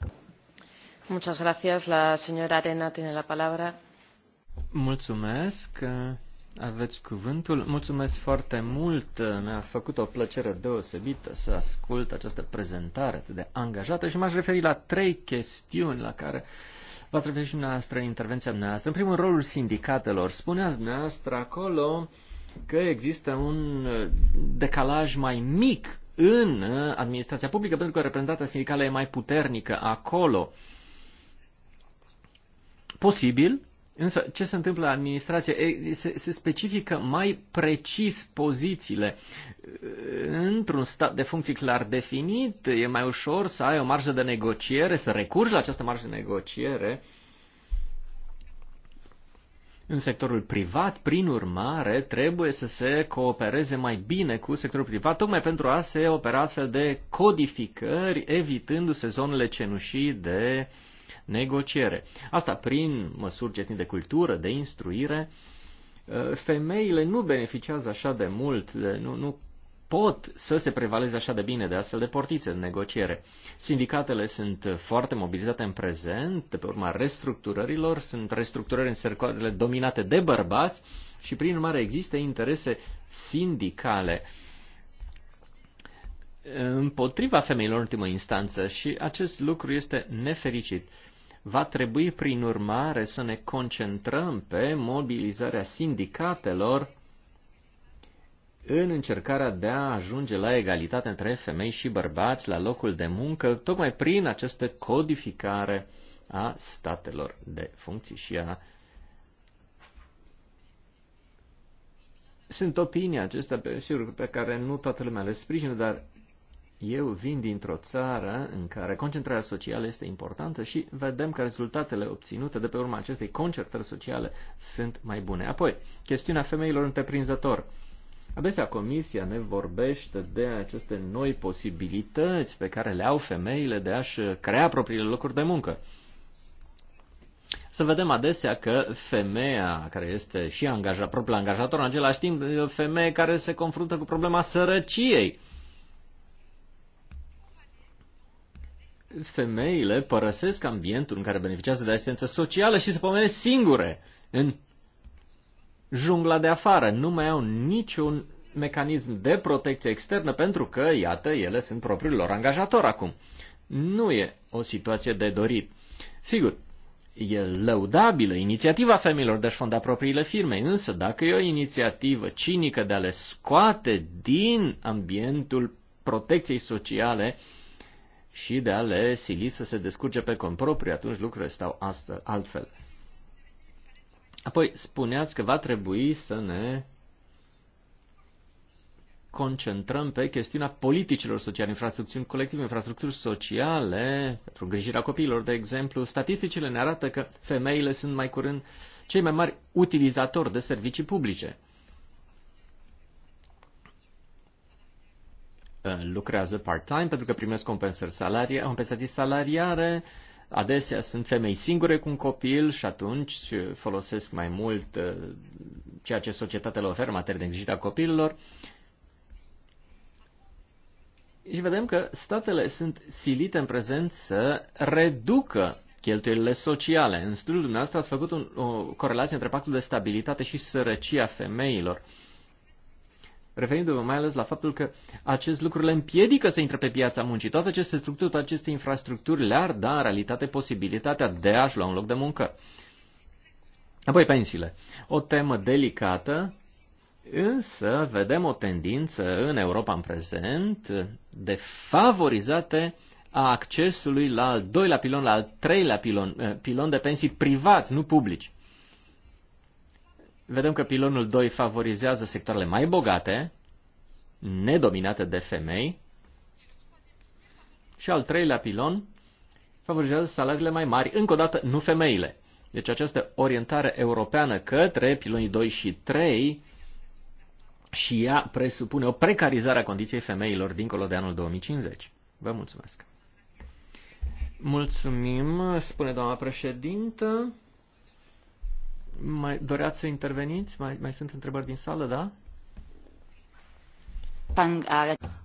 Muchas gracias. La señora Arena tiene la palabra. Mulțumesc. Aveți cuvântul. Mulțumesc foarte mult. Mi-a făcut o plăcere deosebită să ascult această prezentare atât de angajată și m-aș referi la trei chestiuni la care va trebui și noastră intervenția noastră. În primul rolul sindicatelor. Spuneați noastră acolo că există un decalaj mai mic în administrația publică pentru că reprezentarea sindicală e mai puternică acolo. Posibil, Însă, ce se întâmplă la administrație? Se, se specifică mai precis pozițiile. Într-un stat de funcții clar definit, e mai ușor să ai o marjă de negociere, să recurgi la această marjă de negociere. În sectorul privat, prin urmare, trebuie să se coopereze mai bine cu sectorul privat, tocmai pentru a se opera astfel de codificări, evitându-se zonele cenușii de uh, negociere. Asta prin măsuri ce țin de cultură, de instruire. Uh, femeile nu beneficiază așa de mult, nu, nu pot să se prevaleze așa de bine de astfel de portițe de negociere. Sindicatele sunt foarte mobilizate în prezent, de pe urma restructurărilor, sunt restructurări în sercoarele dominate de bărbați și prin urmare există interese sindicale împotriva femeilor în ultimă instanță și acest lucru este nefericit. Va trebui, prin urmare, să ne concentrăm pe mobilizarea sindicatelor în încercarea de a ajunge la egalitate între femei și bărbați la locul de muncă, tocmai prin această codificare a statelor de funcții și a sunt opinii acestea, pe, sigur, pe care nu toată lumea le sprijină, dar eu vin dintr-o țară în care concentrarea socială este importantă și vedem că rezultatele obținute de pe urma acestei concertări sociale sunt mai bune. Apoi, chestiunea femeilor întreprinzător. Adesea Comisia ne vorbește de aceste noi posibilități pe care le au femeile de a-și crea propriile locuri de muncă. Să vedem adesea că femeia care este și angajat, propriul angajator, în același timp, e o femeie care se confruntă cu problema sărăciei femeile părăsesc ambientul în care beneficiază de asistență socială și se pomenesc singure în jungla de afară. Nu mai au niciun mecanism de protecție externă pentru că, iată, ele sunt propriul lor angajator acum. Nu e o situație de dorit. Sigur, e lăudabilă inițiativa femeilor de-și fonda propriile firme, însă dacă e o inițiativă cinică de a le scoate din ambientul protecției sociale, uh, și de a le sili să se descurce pe cont propriu, atunci lucrurile stau astfel, altfel. Apoi, spuneați că va trebui să ne concentrăm pe chestiunea politicilor sociale, infrastructuri colective, infrastructuri sociale, pentru îngrijirea copiilor, de exemplu. Statisticile ne arată că femeile sunt mai curând cei mai mari utilizatori de servicii publice. Uh, lucrează part-time pentru că primesc compensări salarii, compensații salariare, adesea sunt femei singure cu un copil și atunci uh, folosesc mai mult uh, ceea ce societatea le oferă, materie de îngrijire a copiilor. Și vedem că statele sunt silite în prezent să reducă cheltuielile sociale. În studiul dumneavoastră ați făcut un, o corelație între pactul de stabilitate și sărăcia femeilor. Uh, referindu-mă mai ales la faptul că acest lucru le împiedică să intre pe piața muncii. Toate aceste structuri, toate aceste infrastructuri le-ar da în realitate posibilitatea de a-și lua un loc de muncă. Apoi pensiile. O temă delicată, însă vedem o tendință în Europa în prezent de favorizate a accesului la al doilea pilon, la al treilea pilon, eh, pilon de pensii privați, nu publici vedem că pilonul 2 favorizează sectoarele mai bogate, nedominate de femei, și al treilea pilon favorizează salariile mai mari, încă o dată nu femeile. Deci această orientare europeană către pilonii 2 și 3 și ea presupune o precarizare a condiției femeilor dincolo de anul 2050. Vă mulțumesc. Mulțumim, spune doamna președintă. Mai doreați să interveniți? Mai, mai sunt întrebări din sală, da?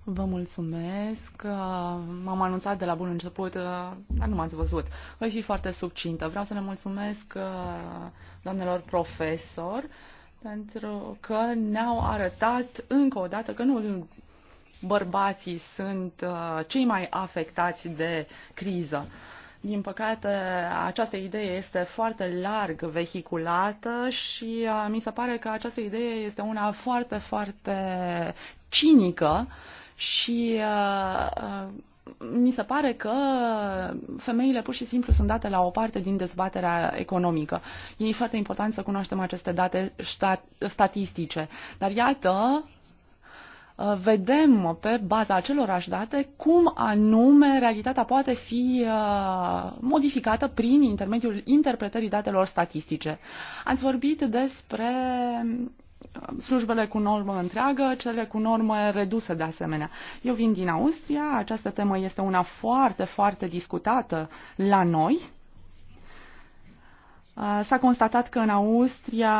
Vă mulțumesc. M-am anunțat de la bun început, dar nu m-ați văzut. Voi fi foarte subcintă. Vreau să le mulțumesc doamnelor profesor pentru că ne-au arătat încă o dată că nu bărbații sunt uh, cei mai afectați de criză. Din păcate, această idee este foarte larg vehiculată și uh, mi se pare că această idee este una foarte, foarte cinică și uh, uh, mi se pare că femeile pur și simplu sunt date la o parte din dezbaterea economică. E foarte important să cunoaștem aceste date statistice. Dar iată, Uh, vedem pe baza acelorași date cum anume realitatea poate fi uh, modificată prin intermediul interpretării datelor statistice. Ați vorbit despre uh, slujbele cu normă întreagă, cele cu normă redusă de asemenea. Eu vin din Austria, această temă este una foarte, foarte discutată la noi. S-a constatat că în Austria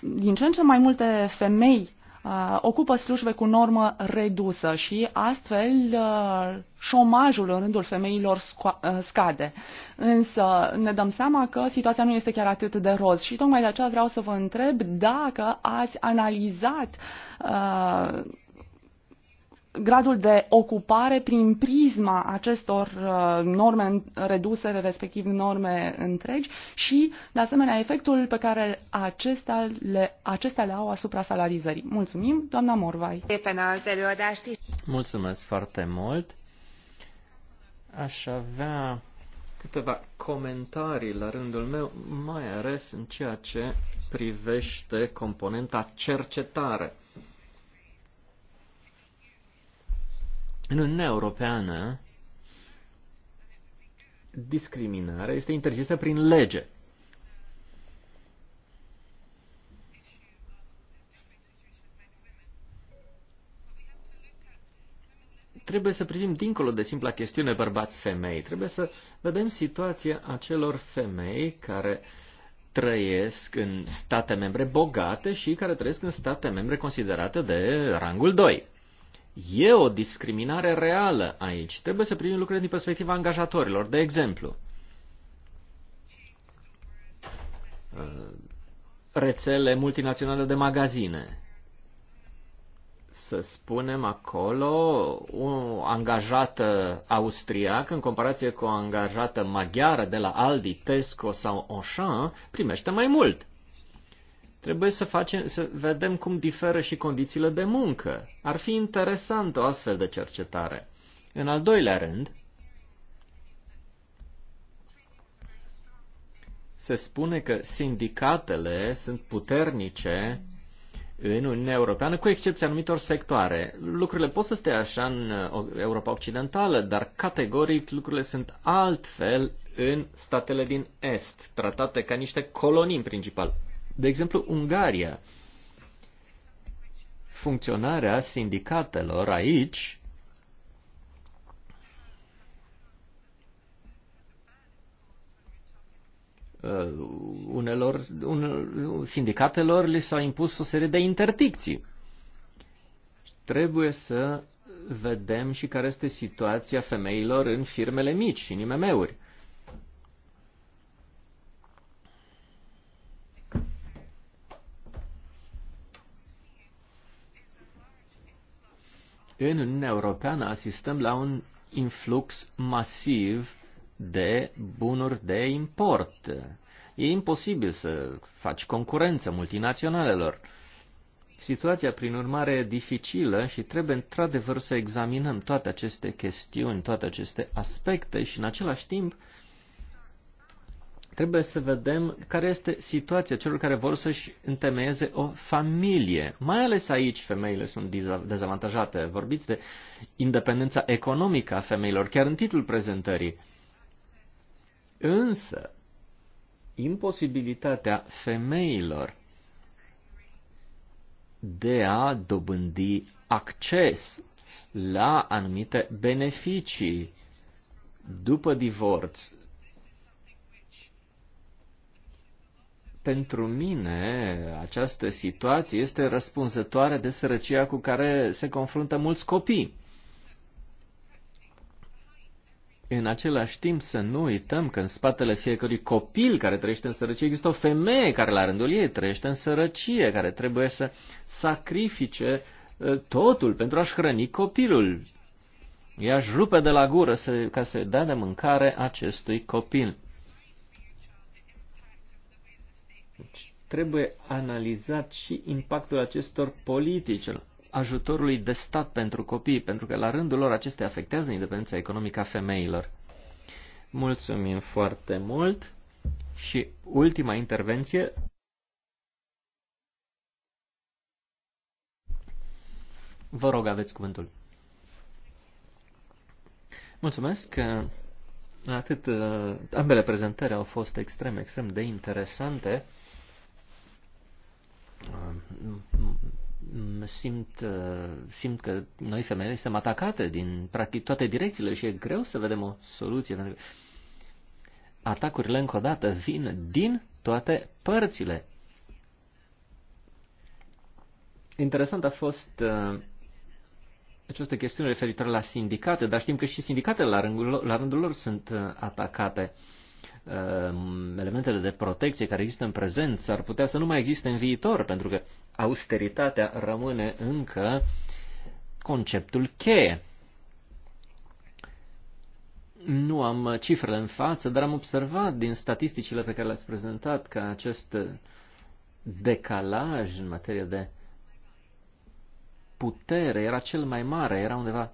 din ce în ce mai multe femei Uh, ocupă slujbe cu normă redusă și astfel uh, șomajul în rândul femeilor uh, scade. Însă ne dăm seama că situația nu este chiar atât de roz și tocmai de aceea vreau să vă întreb dacă ați analizat uh, gradul de ocupare prin prisma acestor uh, norme reduse, respectiv norme întregi și, de asemenea, efectul pe care acestea le, acestea le au asupra salarizării. Mulțumim, doamna Morvai. Mulțumesc foarte mult. Aș avea câteva comentarii la rândul meu, mai ales în ceea ce privește componenta cercetare În Uniunea Europeană, discriminarea este interzisă prin lege. trebuie să privim dincolo de simpla chestiune bărbați-femei. Trebuie să vedem situația acelor femei care trăiesc în state membre bogate și care trăiesc în state membre considerate de rangul 2. E o discriminare reală aici. Trebuie să privim lucrurile din perspectiva angajatorilor. De exemplu, uh, rețele multinaționale de magazine. Să spunem acolo, o angajată austriacă, în comparație cu o angajată maghiară de la Aldi, Tesco sau Auchan, primește mai mult. Trebuie să, facem, să vedem cum diferă și condițiile de muncă. Ar fi interesantă o astfel de cercetare. În al doilea rând, se spune că sindicatele sunt puternice în Uniunea Europeană, cu excepția anumitor sectoare. Lucrurile pot să stea așa în uh, Europa Occidentală, dar categoric lucrurile sunt altfel în statele din Est, tratate ca niște colonii în principal. De exemplu, Ungaria. Funcționarea sindicatelor aici uh, unelor, un, sindicatelor li s-au impus o serie de interdicții. Trebuie să vedem și care este situația femeilor în firmele mici, în IMM-uri. în Uniunea Europeană asistăm la un influx masiv de bunuri de import. E imposibil să faci concurență multinaționalelor. Situația, prin urmare, e dificilă și trebuie într-adevăr să examinăm toate aceste chestiuni, toate aceste aspecte și, în același timp, trebuie să vedem care este situația celor care vor să-și întemeieze o familie. Mai ales aici femeile sunt dezavantajate. Vorbiți de independența economică a femeilor, chiar în titlul prezentării. Însă, imposibilitatea femeilor de a dobândi acces la anumite beneficii după divorț pentru mine această situație este răspunzătoare de sărăcia cu care se confruntă mulți copii. În același timp să nu uităm că în spatele fiecărui copil care trăiește în sărăcie există o femeie care la rândul ei trăiește în sărăcie, care trebuie să sacrifice ă, totul pentru a-și hrăni copilul. Ea își rupe de la gură să, ca să dea de mâncare acestui copil. Deci, trebuie analizat și impactul acestor politici ajutorului de stat pentru copii, pentru că la rândul lor acestea afectează independența economică a femeilor. Mulțumim foarte mult și ultima intervenție. Vă rog, aveți cuvântul. Mulțumesc. Atât, uh, ambele prezentări au fost extrem, extrem de interesante. Ah, simt, ah, simt că noi femeile suntem atacate din practic toate direcțiile și e greu să vedem o soluție. Pentru că atacurile încă o dată vin din toate părțile. Interesant a fost uh, această chestiune referitoare la sindicate, dar știm că și sindicatele la rândul, la rândul lor sunt atacate. Uh, Um, elementele de protecție care există în prezent s-ar putea să nu mai existe în viitor, pentru că austeritatea rămâne încă conceptul cheie. Nu am cifrele în față, dar am observat din statisticile pe care le-ați prezentat că acest decalaj în materie de putere era cel mai mare, era undeva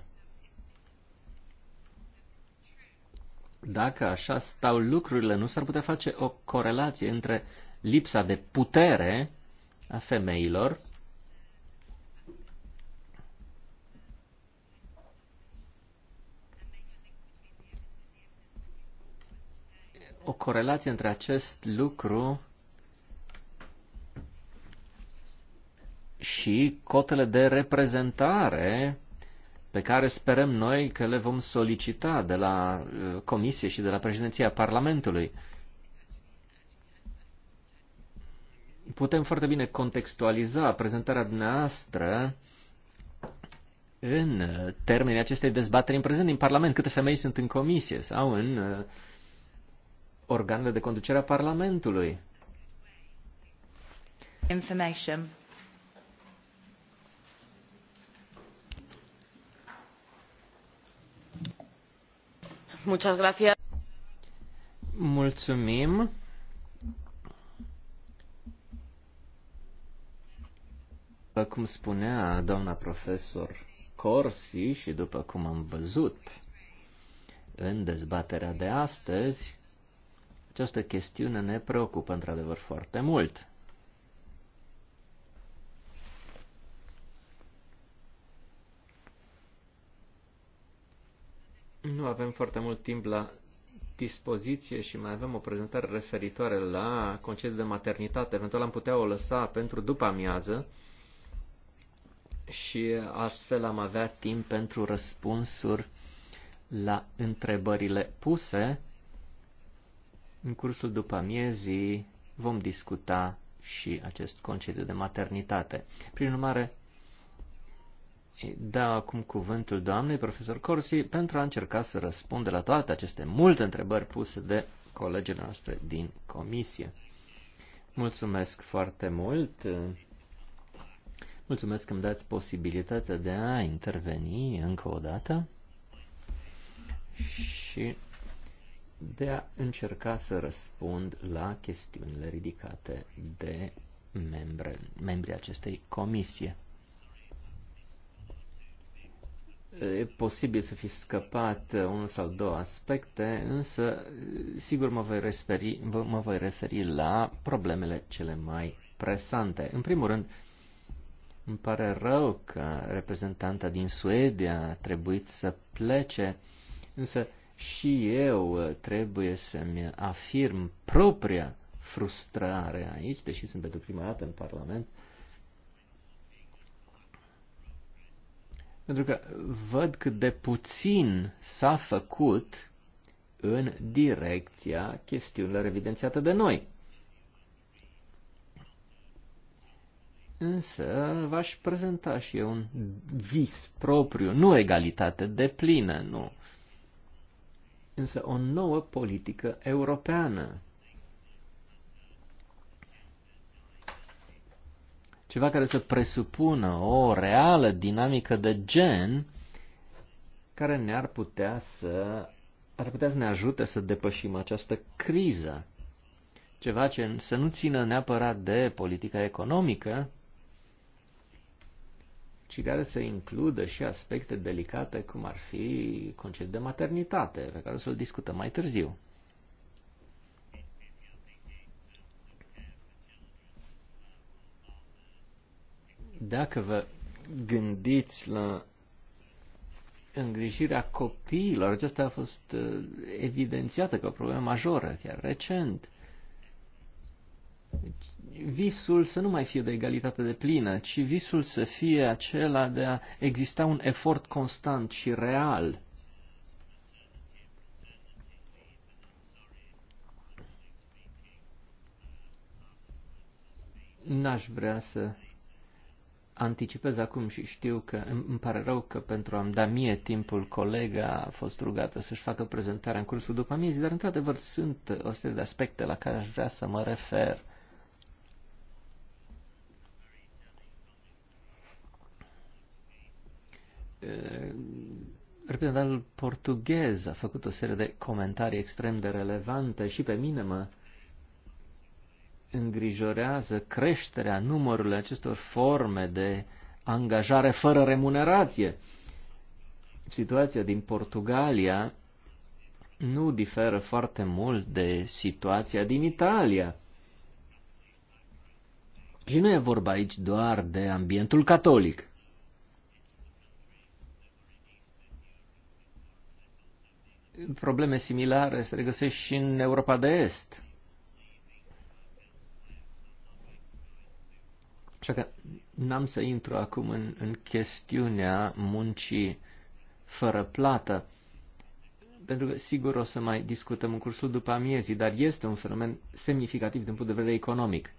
30% Dacă așa stau lucrurile, nu s-ar putea face o corelație între lipsa de putere a femeilor o corelație între acest lucru și cotele de reprezentare pe care sperăm noi că le vom solicita de la uh, Comisie și de la președinția Parlamentului. Putem foarte bine contextualiza prezentarea dumneavoastră în uh, termenii acestei dezbateri în prezent din Parlament, câte femei sunt în comisie sau în uh, organele de conducere a Parlamentului. Information Muchas gracias. Mulțumim. După cum spunea doamna profesor Corsi și după cum am văzut în dezbaterea de astăzi, această chestiune ne preocupă într-adevăr foarte mult. Nu avem foarte mult timp la dispoziție și mai avem o prezentare referitoare la concediul de maternitate. Eventual am putea o lăsa pentru după amiază și astfel am avea timp pentru răspunsuri la întrebările puse. În cursul după amiezii vom discuta și acest concediu de maternitate. Prin urmare, da acum cuvântul doamnei profesor Corsi pentru a încerca să răspundă la toate aceste multe întrebări puse de colegele noastre din comisie. Mulțumesc foarte mult! Mulțumesc că îmi dați posibilitatea de a interveni încă o dată și de a încerca să răspund la chestiunile ridicate de membre, membrii acestei comisie. e posibil să fi scăpat unul sau două aspecte, însă sigur mă voi, resperi, mă voi referi la problemele cele mai presante. În primul rând, îmi pare rău că reprezentanta din Suedia a trebuit să plece, însă și eu trebuie să-mi afirm propria frustrare aici, deși sunt pentru prima dată în Parlament, uh, pentru că văd cât de puțin s-a făcut în direcția chestiunilor evidențiate de noi. Însă v-aș prezenta și eu un vis propriu, nu egalitate de plină, nu. Însă o nouă politică europeană ceva care să presupună o reală dinamică de gen care ne-ar putea să ar putea să ne ajute să depășim această criză. Ceva ce să nu țină neapărat de politica economică, ci care să includă și aspecte delicate, cum ar fi concediul de maternitate, pe care o să-l discutăm mai târziu. Dacă vă gândiți la îngrijirea copiilor, aceasta a fost uh, evidențiată ca o problemă majoră, chiar recent. Deci, visul să nu mai fie de egalitate de plină, ci visul să fie acela de a exista un efort constant și real n-aș vrea să anticipez acum și știu că îmi pare rău că pentru a-mi da mie timpul colega a fost rugată să-și facă prezentarea în cursul după amiezii, dar într-adevăr sunt o serie de aspecte la care aș vrea să mă refer. Eh, reprezentantul portughez a făcut o serie de comentarii extrem de relevante și pe mine mă îngrijorează creșterea numărului acestor forme de angajare fără remunerație. Situația din Portugalia nu diferă foarte mult de situația din Italia. Și nu e vorba aici doar de ambientul catolic. Probleme similare se regăsesc și în Europa de Est. Așa că n-am să intru acum în, în chestiunea muncii fără plată, pentru că sigur o să mai discutăm în cursul după amiezii, dar este un fenomen semnificativ din punct de vedere economic.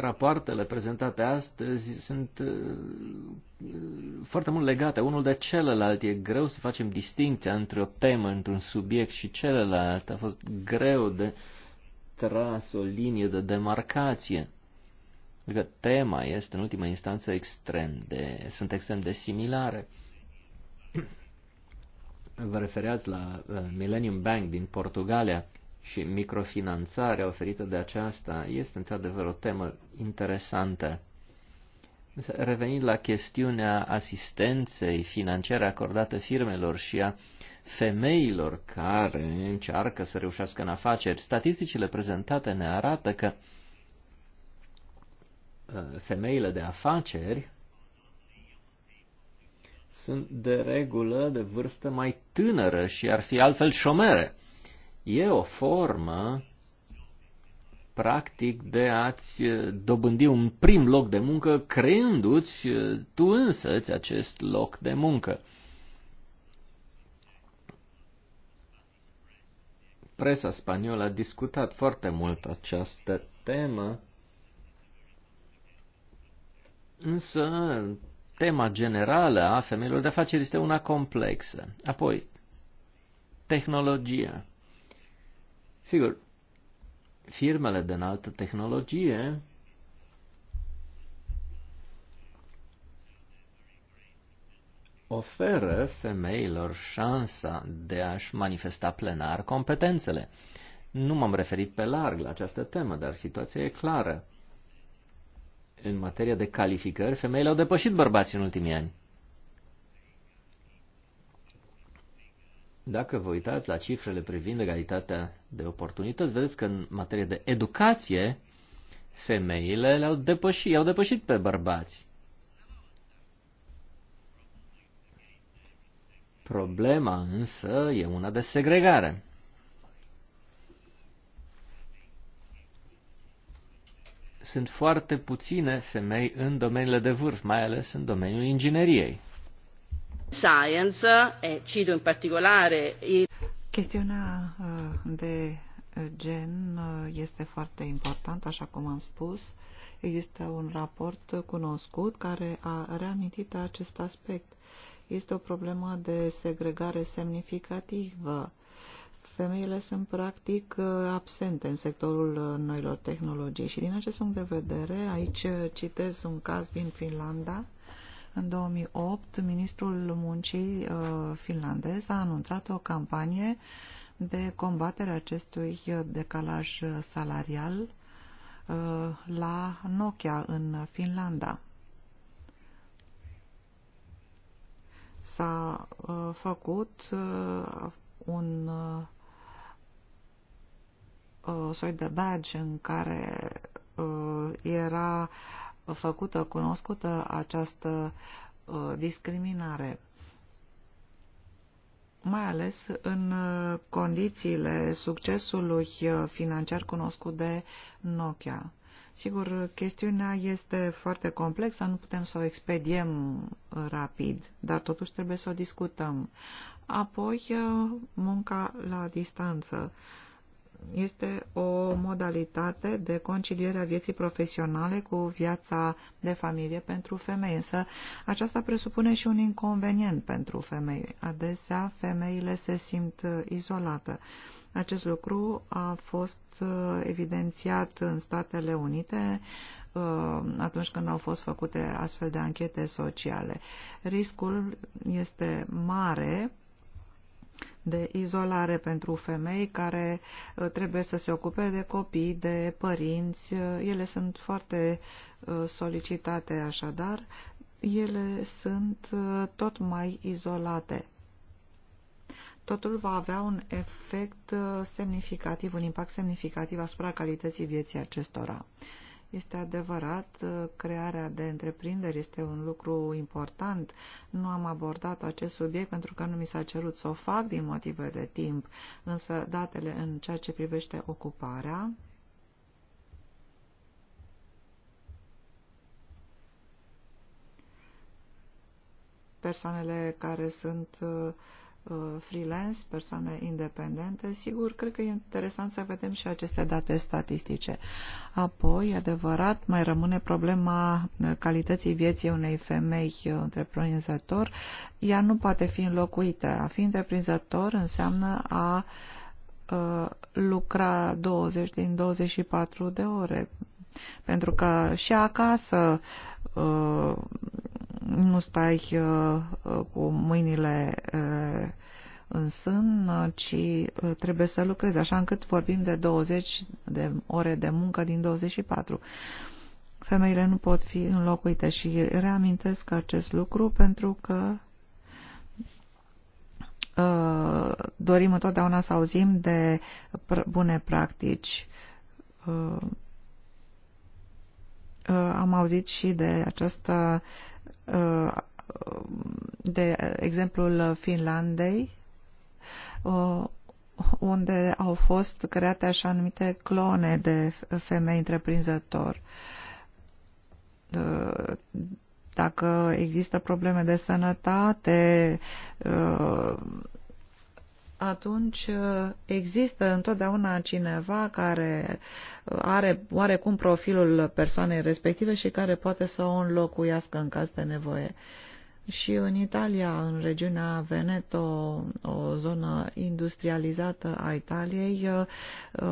rapoartele prezentate astăzi sunt uh, foarte mult legate unul de celălalt. E greu să facem distinția între o temă, într-un subiect și celălalt. A fost greu de tras o linie de demarcație. Adică tema este, în ultima instanță, extrem de, sunt extrem de similare. Vă referiați la uh, Millennium Bank din Portugalia și microfinanțarea oferită de aceasta este într-adevăr o temă interesantă. revenind la chestiunea asistenței financiare acordată firmelor și a femeilor care încearcă să reușească în afaceri, statisticile prezentate ne arată că uh, femeile de afaceri sunt de regulă de vârstă mai tânără și ar fi altfel șomere. E o formă, practic, de a-ți eh, dobândi un prim loc de muncă creându-ți eh, tu însăți acest loc de muncă. Presa spaniolă a discutat foarte mult această temă, însă tema generală a femeilor de afaceri este una complexă. Apoi, tehnologia. Sigur, firmele de înaltă tehnologie oferă femeilor șansa de a-și manifesta plenar competențele. Nu m-am referit pe larg la această temă, dar situația e clară. În materia de calificări, femeile au depășit bărbații în ultimii ani. Dacă vă uitați la cifrele privind egalitatea de oportunități, vedeți că în materie de educație, femeile le-au depășit, au depășit pe bărbați. Problema însă e una de segregare. Sunt foarte puține femei în domeniile de vârf, mai ales în domeniul ingineriei. Science, e cito in particolare... Il... Chestiunea uh, de gen uh, este foarte importantă, așa cum am spus. Există un raport cunoscut care a reamintit acest aspect. Este o problemă de segregare semnificativă. Femeile sunt practic uh, absente în sectorul noilor tehnologii și din acest punct de vedere, aici citez un caz din Finlanda, în 2008, ministrul muncii uh, finlandez a anunțat o campanie de combatere acestui decalaj salarial uh, la Nokia în Finlanda. S-a uh, făcut un soi de badge în care era uh, făcută cunoscută această uh, discriminare, mai ales în uh, condițiile succesului uh, financiar cunoscut de Nokia. Sigur, chestiunea este foarte complexă, nu putem să o expediem rapid, dar totuși trebuie să o discutăm. Apoi, munca la distanță este o modalitate de conciliere a vieții profesionale cu viața de familie pentru femei, însă aceasta presupune și un inconvenient pentru femei. Adesea femeile se simt uh, izolate. Acest lucru a fost uh, evidențiat în Statele Unite uh, atunci când au fost făcute astfel de anchete sociale. Riscul este mare de izolare pentru femei care uh, trebuie să se ocupe de copii, de părinți. Uh, ele sunt foarte uh, solicitate așadar. Ele sunt tot mai izolate. Totul va avea un efect semnificativ, un impact semnificativ asupra calității vieții acestora. Este adevărat, uh, crearea de întreprinderi este un lucru important. Nu am abordat acest subiect pentru că nu mi s-a cerut să o fac din motive de timp, însă datele în ceea ce privește ocuparea persoanele care sunt uh, Uh, freelance, persoane independente. Sigur, cred că e interesant să vedem și aceste date statistice. Apoi, adevărat, mai rămâne problema uh, calității vieții unei femei uh, întreprinzător. Ea nu poate fi înlocuită. A fi întreprinzător înseamnă a lucra 20 din 24 de ore pentru că și acasă uh, nu stai uh, cu mâinile uh, în sân, ci trebuie să lucrezi, așa încât vorbim de 20 de ore de muncă din 24. Femeile nu pot fi înlocuite și reamintesc acest lucru pentru că dorim întotdeauna să auzim de bune practici Uh, am auzit și de această uh, de exemplul Finlandei uh, unde au fost create așa anumite clone de femei întreprinzători. Dacă există probleme de sănătate, atunci uh, există întotdeauna cineva care uh, are oarecum profilul persoanei respective și care poate să o înlocuiască în caz de nevoie. Și în Italia, în regiunea Veneto, o zonă industrializată a Italiei, uh,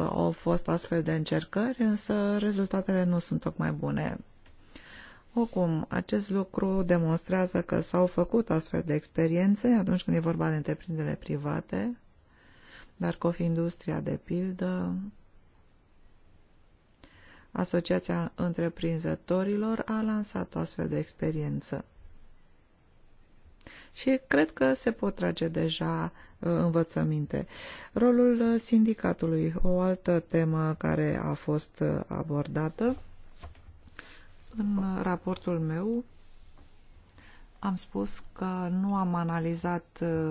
au fost astfel de încercări, însă rezultatele nu sunt tocmai bune. Oricum, acest lucru demonstrează că s-au făcut astfel de experiențe atunci când e vorba de întreprinderile private, dar Cofi Industria, de pildă, Asociația Întreprinzătorilor a lansat o astfel de experiență. Și cred că se pot trage deja uh, învățăminte. Rolul uh, sindicatului, o altă temă care a fost uh, abordată. În raportul meu am spus că nu am analizat uh,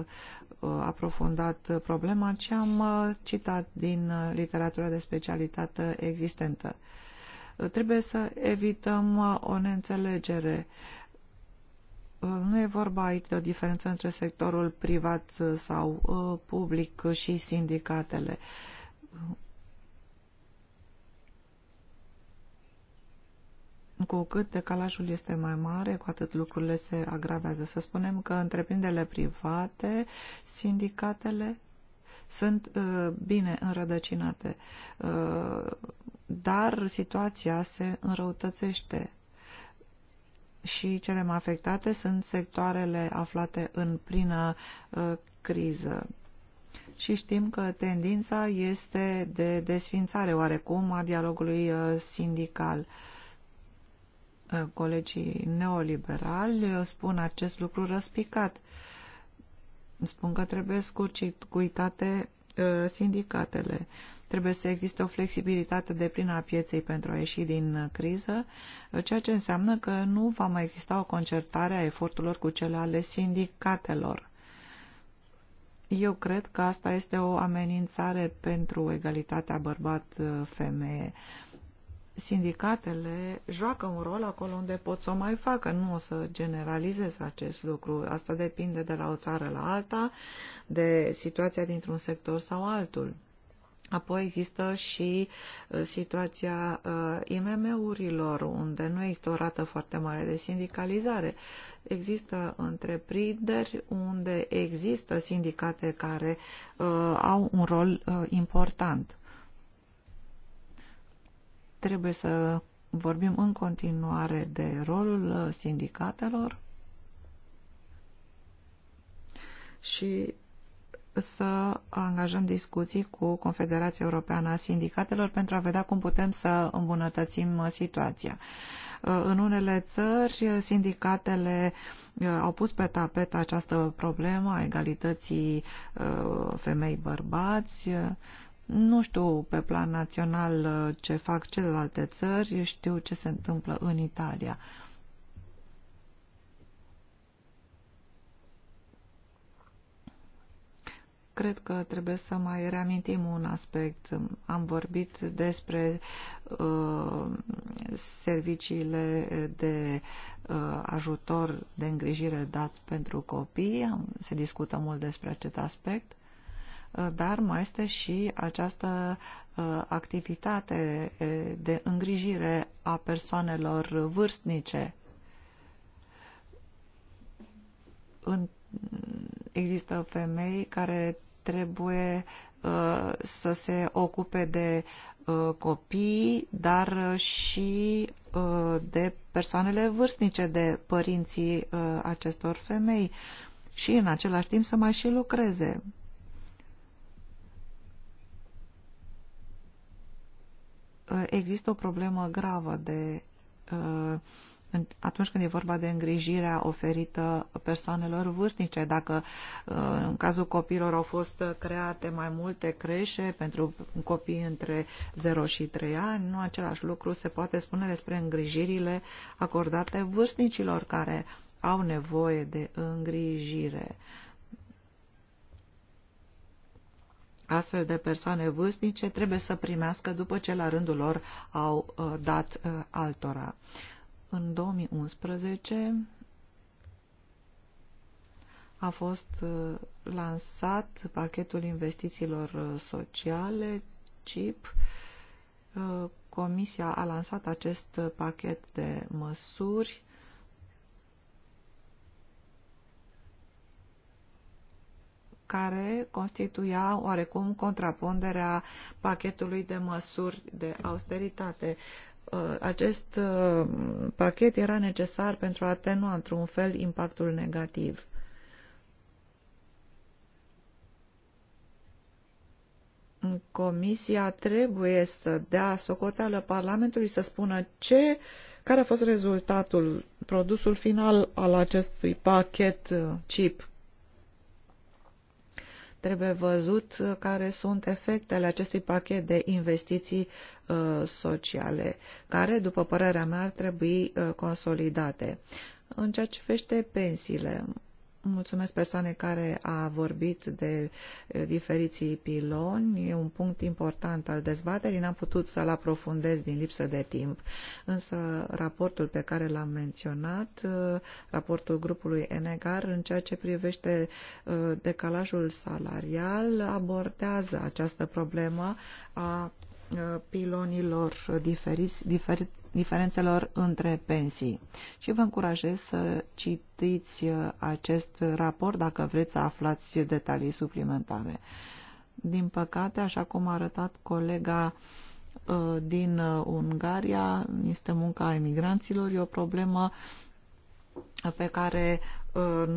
uh, aprofundat problema, ci am uh, citat din literatura de specialitate existentă. Trebuie să evităm o neînțelegere. Nu e vorba aici de o diferență între sectorul privat sau public și sindicatele cu cât decalajul este mai mare, cu atât lucrurile se agravează. Să spunem că întreprinderile private, sindicatele sunt uh, bine înrădăcinate, uh, dar situația se înrăutățește și cele mai afectate sunt sectoarele aflate în plină uh, criză. Și știm că tendința este de desfințare oarecum a dialogului uh, sindical. Uh, Eh, colegii neoliberali spun acest lucru răspicat. Spun că trebuie scurcicuitate eh, sindicatele. Trebuie să existe o flexibilitate de plină a pieței pentru a ieși din criză, eh, ceea ce înseamnă că nu va mai exista o concertare a eforturilor cu cele ale sindicatelor. Eu cred că asta este o amenințare pentru egalitatea bărbat-femeie. Uh, sindicatele joacă un rol acolo unde pot să o mai facă. Nu o să generalizez acest lucru. Asta depinde de la o țară la alta, de situația dintr-un sector sau altul. Apoi există și uh, situația uh, IMM-urilor, unde nu există o rată foarte mare de sindicalizare. Există întreprinderi unde există sindicate care uh, au un rol important. Trebuie să vorbim în continuare de rolul uh, sindicatelor și să angajăm discuții cu Confederația Europeană a Sindicatelor pentru a vedea cum putem să îmbunătățim uh, situația. Uh, în unele țări, sindicatele au pus pe tapet această problemă a egalității femei-bărbați, nu știu pe plan național uh, ce fac celelalte țări, știu ce se întâmplă în Italia. Cred că trebuie să mai reamintim un aspect. Am vorbit despre uh, serviciile de uh, ajutor de îngrijire dat pentru copii. Se discută mult despre acest aspect Eh, dar mai este și această eh, activitate eh, de îngrijire a persoanelor vârstnice. Există femei care trebuie să se ocupe de copii, dar și de persoanele vârstnice, de părinții acestor femei și în același timp să mai și lucreze. Uh, există o problemă gravă de uh, atunci când e vorba de îngrijirea oferită persoanelor vârstnice. Dacă uh, în cazul copiilor au fost create mai multe creșe pentru copii între 0 și 3 ani, nu același lucru se poate spune despre îngrijirile acordate vârstnicilor care au nevoie de îngrijire. Uh, astfel de persoane vârstnice trebuie să primească după ce la rândul lor au uh, dat uh, altora. În 2011 a fost uh, lansat pachetul investițiilor sociale, CIP. Comisia a lansat acest pachet de măsuri care constituia oarecum contrapunderea pachetului de măsuri de austeritate. Uh, acest uh, pachet era necesar pentru a atenua într-un fel impactul negativ. Comisia trebuie să dea socoteală Parlamentului să spună ce, care a fost rezultatul, produsul final al acestui pachet uh, CIP. Trebuie văzut uh, care sunt efectele acestui pachet de investiții uh, sociale, care, după părerea mea, ar trebui uh, consolidate. În ceea ce privește pensiile, Mulțumesc persoanei care a vorbit de eh, diferiții piloni. E un punct important al dezbaterii. N-am putut să-l aprofundez din lipsă de timp, însă raportul pe care l-am menționat, eh, raportul grupului Enegar, în ceea ce privește eh, decalajul salarial, abordează această problemă a Uh, pilonilor diferiți, diferi, diferențelor între pensii. Și vă încurajez să citiți uh, acest raport dacă vreți să aflați detalii suplimentare. Din păcate, așa cum a arătat colega uh, din Ungaria, este munca emigranților, e o problemă pe care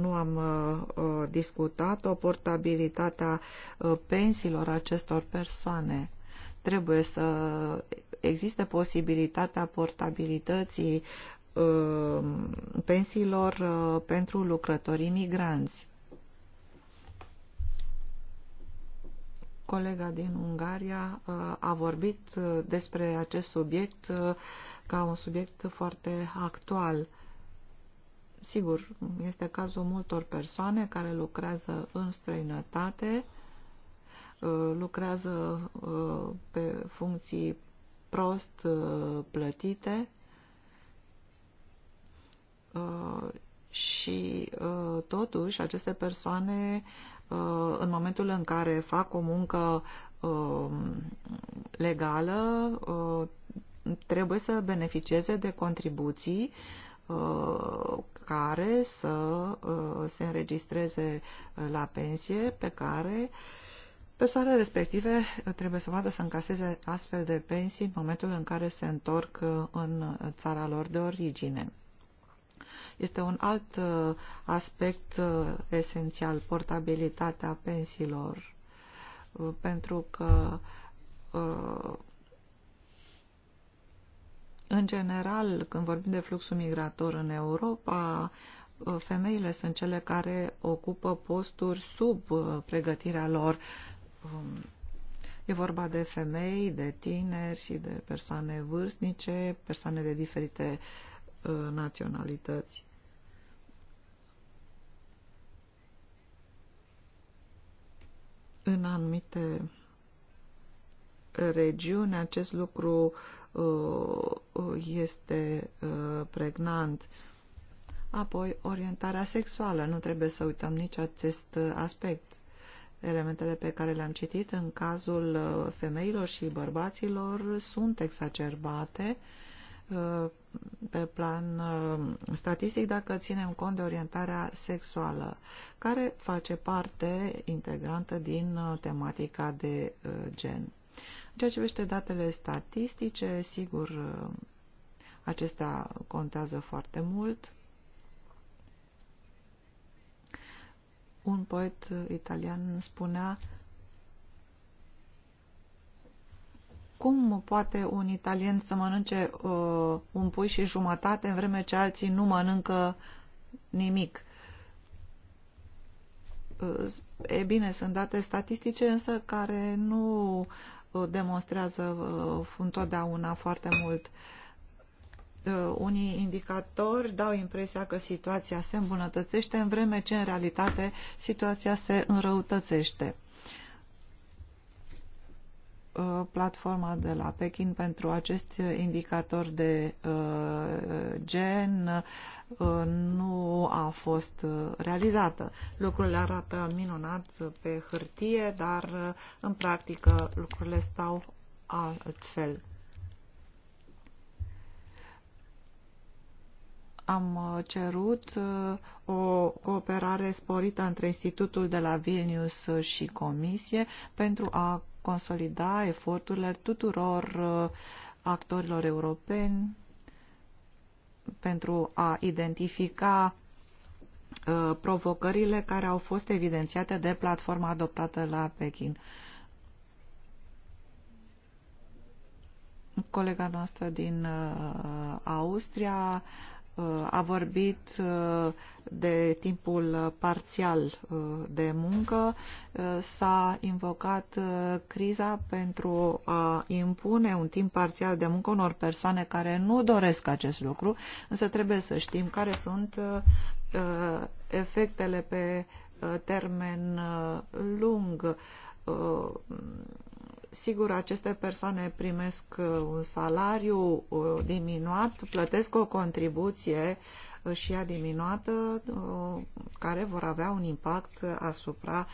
nu am discutat-o, portabilitatea pensiilor acestor persoane Trebuie să existe posibilitatea portabilității uh, pensiilor uh, pentru lucrătorii migranți. Colega din Ungaria uh, a vorbit despre acest subiect ca un subiect foarte actual. Sigur, este cazul multor persoane care lucrează în străinătate, Uh, lucrează uh, pe funcții prost uh, plătite și totuși aceste persoane în momentul în care fac o muncă legală trebuie să beneficieze de contribuții care să se înregistreze la pensie pe care uh, Persoanele respective trebuie să vadă să încaseze astfel de pensii în momentul în care se întorc uh, în uh, țara lor de origine. Este un alt uh, aspect esențial, portabilitatea pensiilor, pentru că în general, când vorbim de fluxul migrator în Europa, femeile sunt cele care ocupă posturi sub pregătirea lor Um, e vorba de femei, de tineri și de persoane vârstnice, persoane de diferite uh, naționalități. În anumite regiuni acest lucru uh, este uh, pregnant. Apoi, orientarea sexuală. Nu trebuie să uităm nici acest aspect Elementele pe care le-am citit în cazul uh, femeilor și bărbaților sunt exacerbate uh, pe plan uh, statistic dacă ținem cont de orientarea sexuală, care face parte integrantă din tematica de gen. În ceea ce vește datele statistice, sigur, acestea contează foarte mult. un poet uh, italian spunea cum poate un italian să mănânce uh, un pui și jumătate în vreme ce alții nu mănâncă nimic? Uh, e bine, sunt date statistice, însă care nu uh, demonstrează uh, întotdeauna foarte mult uh, Uh, unii indicatori dau impresia că situația se îmbunătățește, în vreme ce, în realitate, situația se înrăutățește. Uh, platforma de la Pekin pentru acest indicator de uh, gen nu a fost realizată. Lucrurile arată minunat pe hârtie, dar în practică lucrurile stau altfel. am uh, cerut uh, o cooperare sporită între Institutul de la Vilnius uh, și Comisie pentru a consolida eforturile tuturor actorilor europeni pentru a identifica provocările care au fost evidențiate de platforma adoptată la Pekin. Colega noastră din Austria a vorbit uh, de timpul parțial uh, de muncă, uh, s-a invocat criza pentru a impune un timp parțial de muncă unor persoane care nu doresc acest lucru, însă trebuie să știm care sunt efectele pe termen lung Sigur, aceste persoane primesc uh, un salariu uh, diminuat, plătesc o contribuție uh, și ea diminuată, care vor avea un impact asupra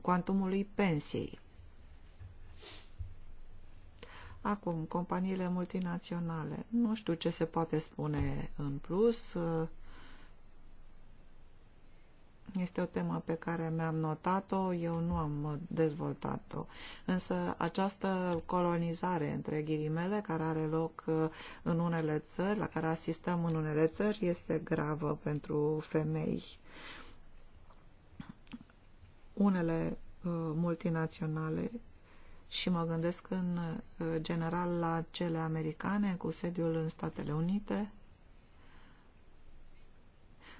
cuantumului pensiei. Acum, companiile multinaționale. Nu știu ce se poate spune în plus. Este o temă pe care mi-am notat-o, eu nu am dezvoltat-o. Însă această colonizare, între ghilimele, care are loc uh, în unele țări, la care asistăm în unele țări, este gravă pentru femei. Unele uh, multinaționale și mă gândesc în uh, general la cele americane cu sediul în Statele Unite,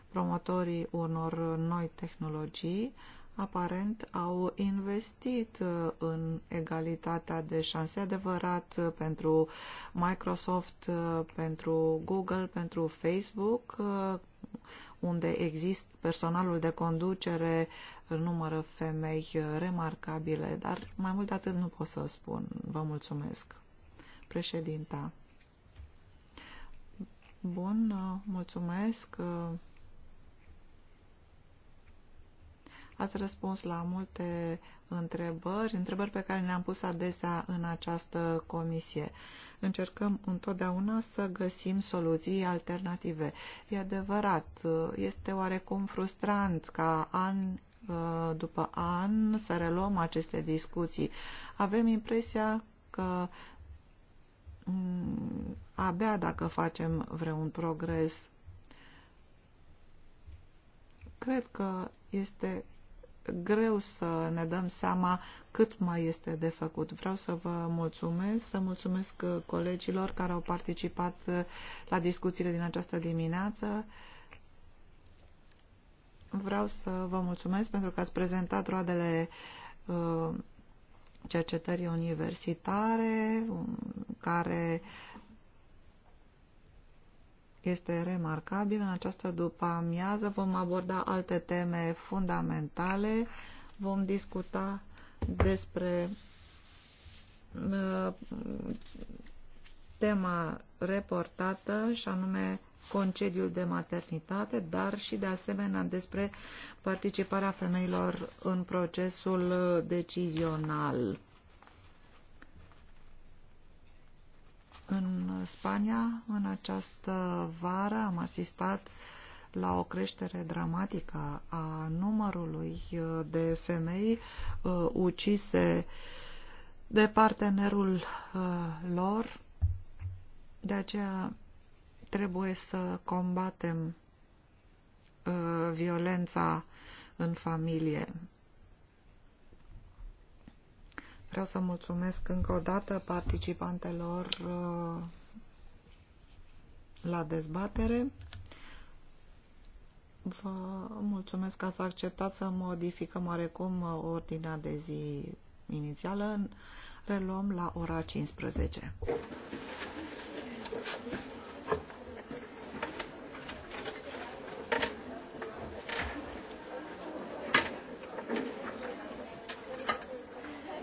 promotorii unor noi tehnologii aparent au investit uh, în egalitatea de șanse adevărat uh, pentru Microsoft, uh, pentru Google, pentru Facebook, unde există personalul de conducere numără femei remarcabile, dar mai mult de atât nu pot să spun. Vă mulțumesc. Președinta. Bun, mulțumesc. Ați răspuns la multe întrebări, întrebări pe care le-am pus adesea în această comisie. Încercăm întotdeauna să găsim soluții alternative. E adevărat, este oarecum frustrant ca an uh, după an să reluăm aceste discuții. Avem impresia că mm, abia dacă facem vreun progres. Cred că este greu să ne dăm seama cât mai este de făcut. Vreau să vă mulțumesc, să mulțumesc colegilor care au participat la discuțiile din această dimineață. Vreau să vă mulțumesc pentru că ați prezentat roadele uh, cercetării universitare um, care este remarcabil. În această după-amiază vom aborda alte teme fundamentale. Vom discuta despre uh, tema reportată și anume concediul de maternitate, dar și de asemenea despre participarea femeilor în procesul uh, decizional. În Spania, în această vară, am asistat la o creștere dramatică a numărului uh, de femei uh, ucise de partenerul uh, lor. De aceea trebuie să combatem violența în familie. Vreau să mulțumesc încă o dată participantelor uh, la dezbatere. Vă mulțumesc că ați acceptat să modificăm oarecum uh, ordinea de zi inițială. Reluăm la ora 15.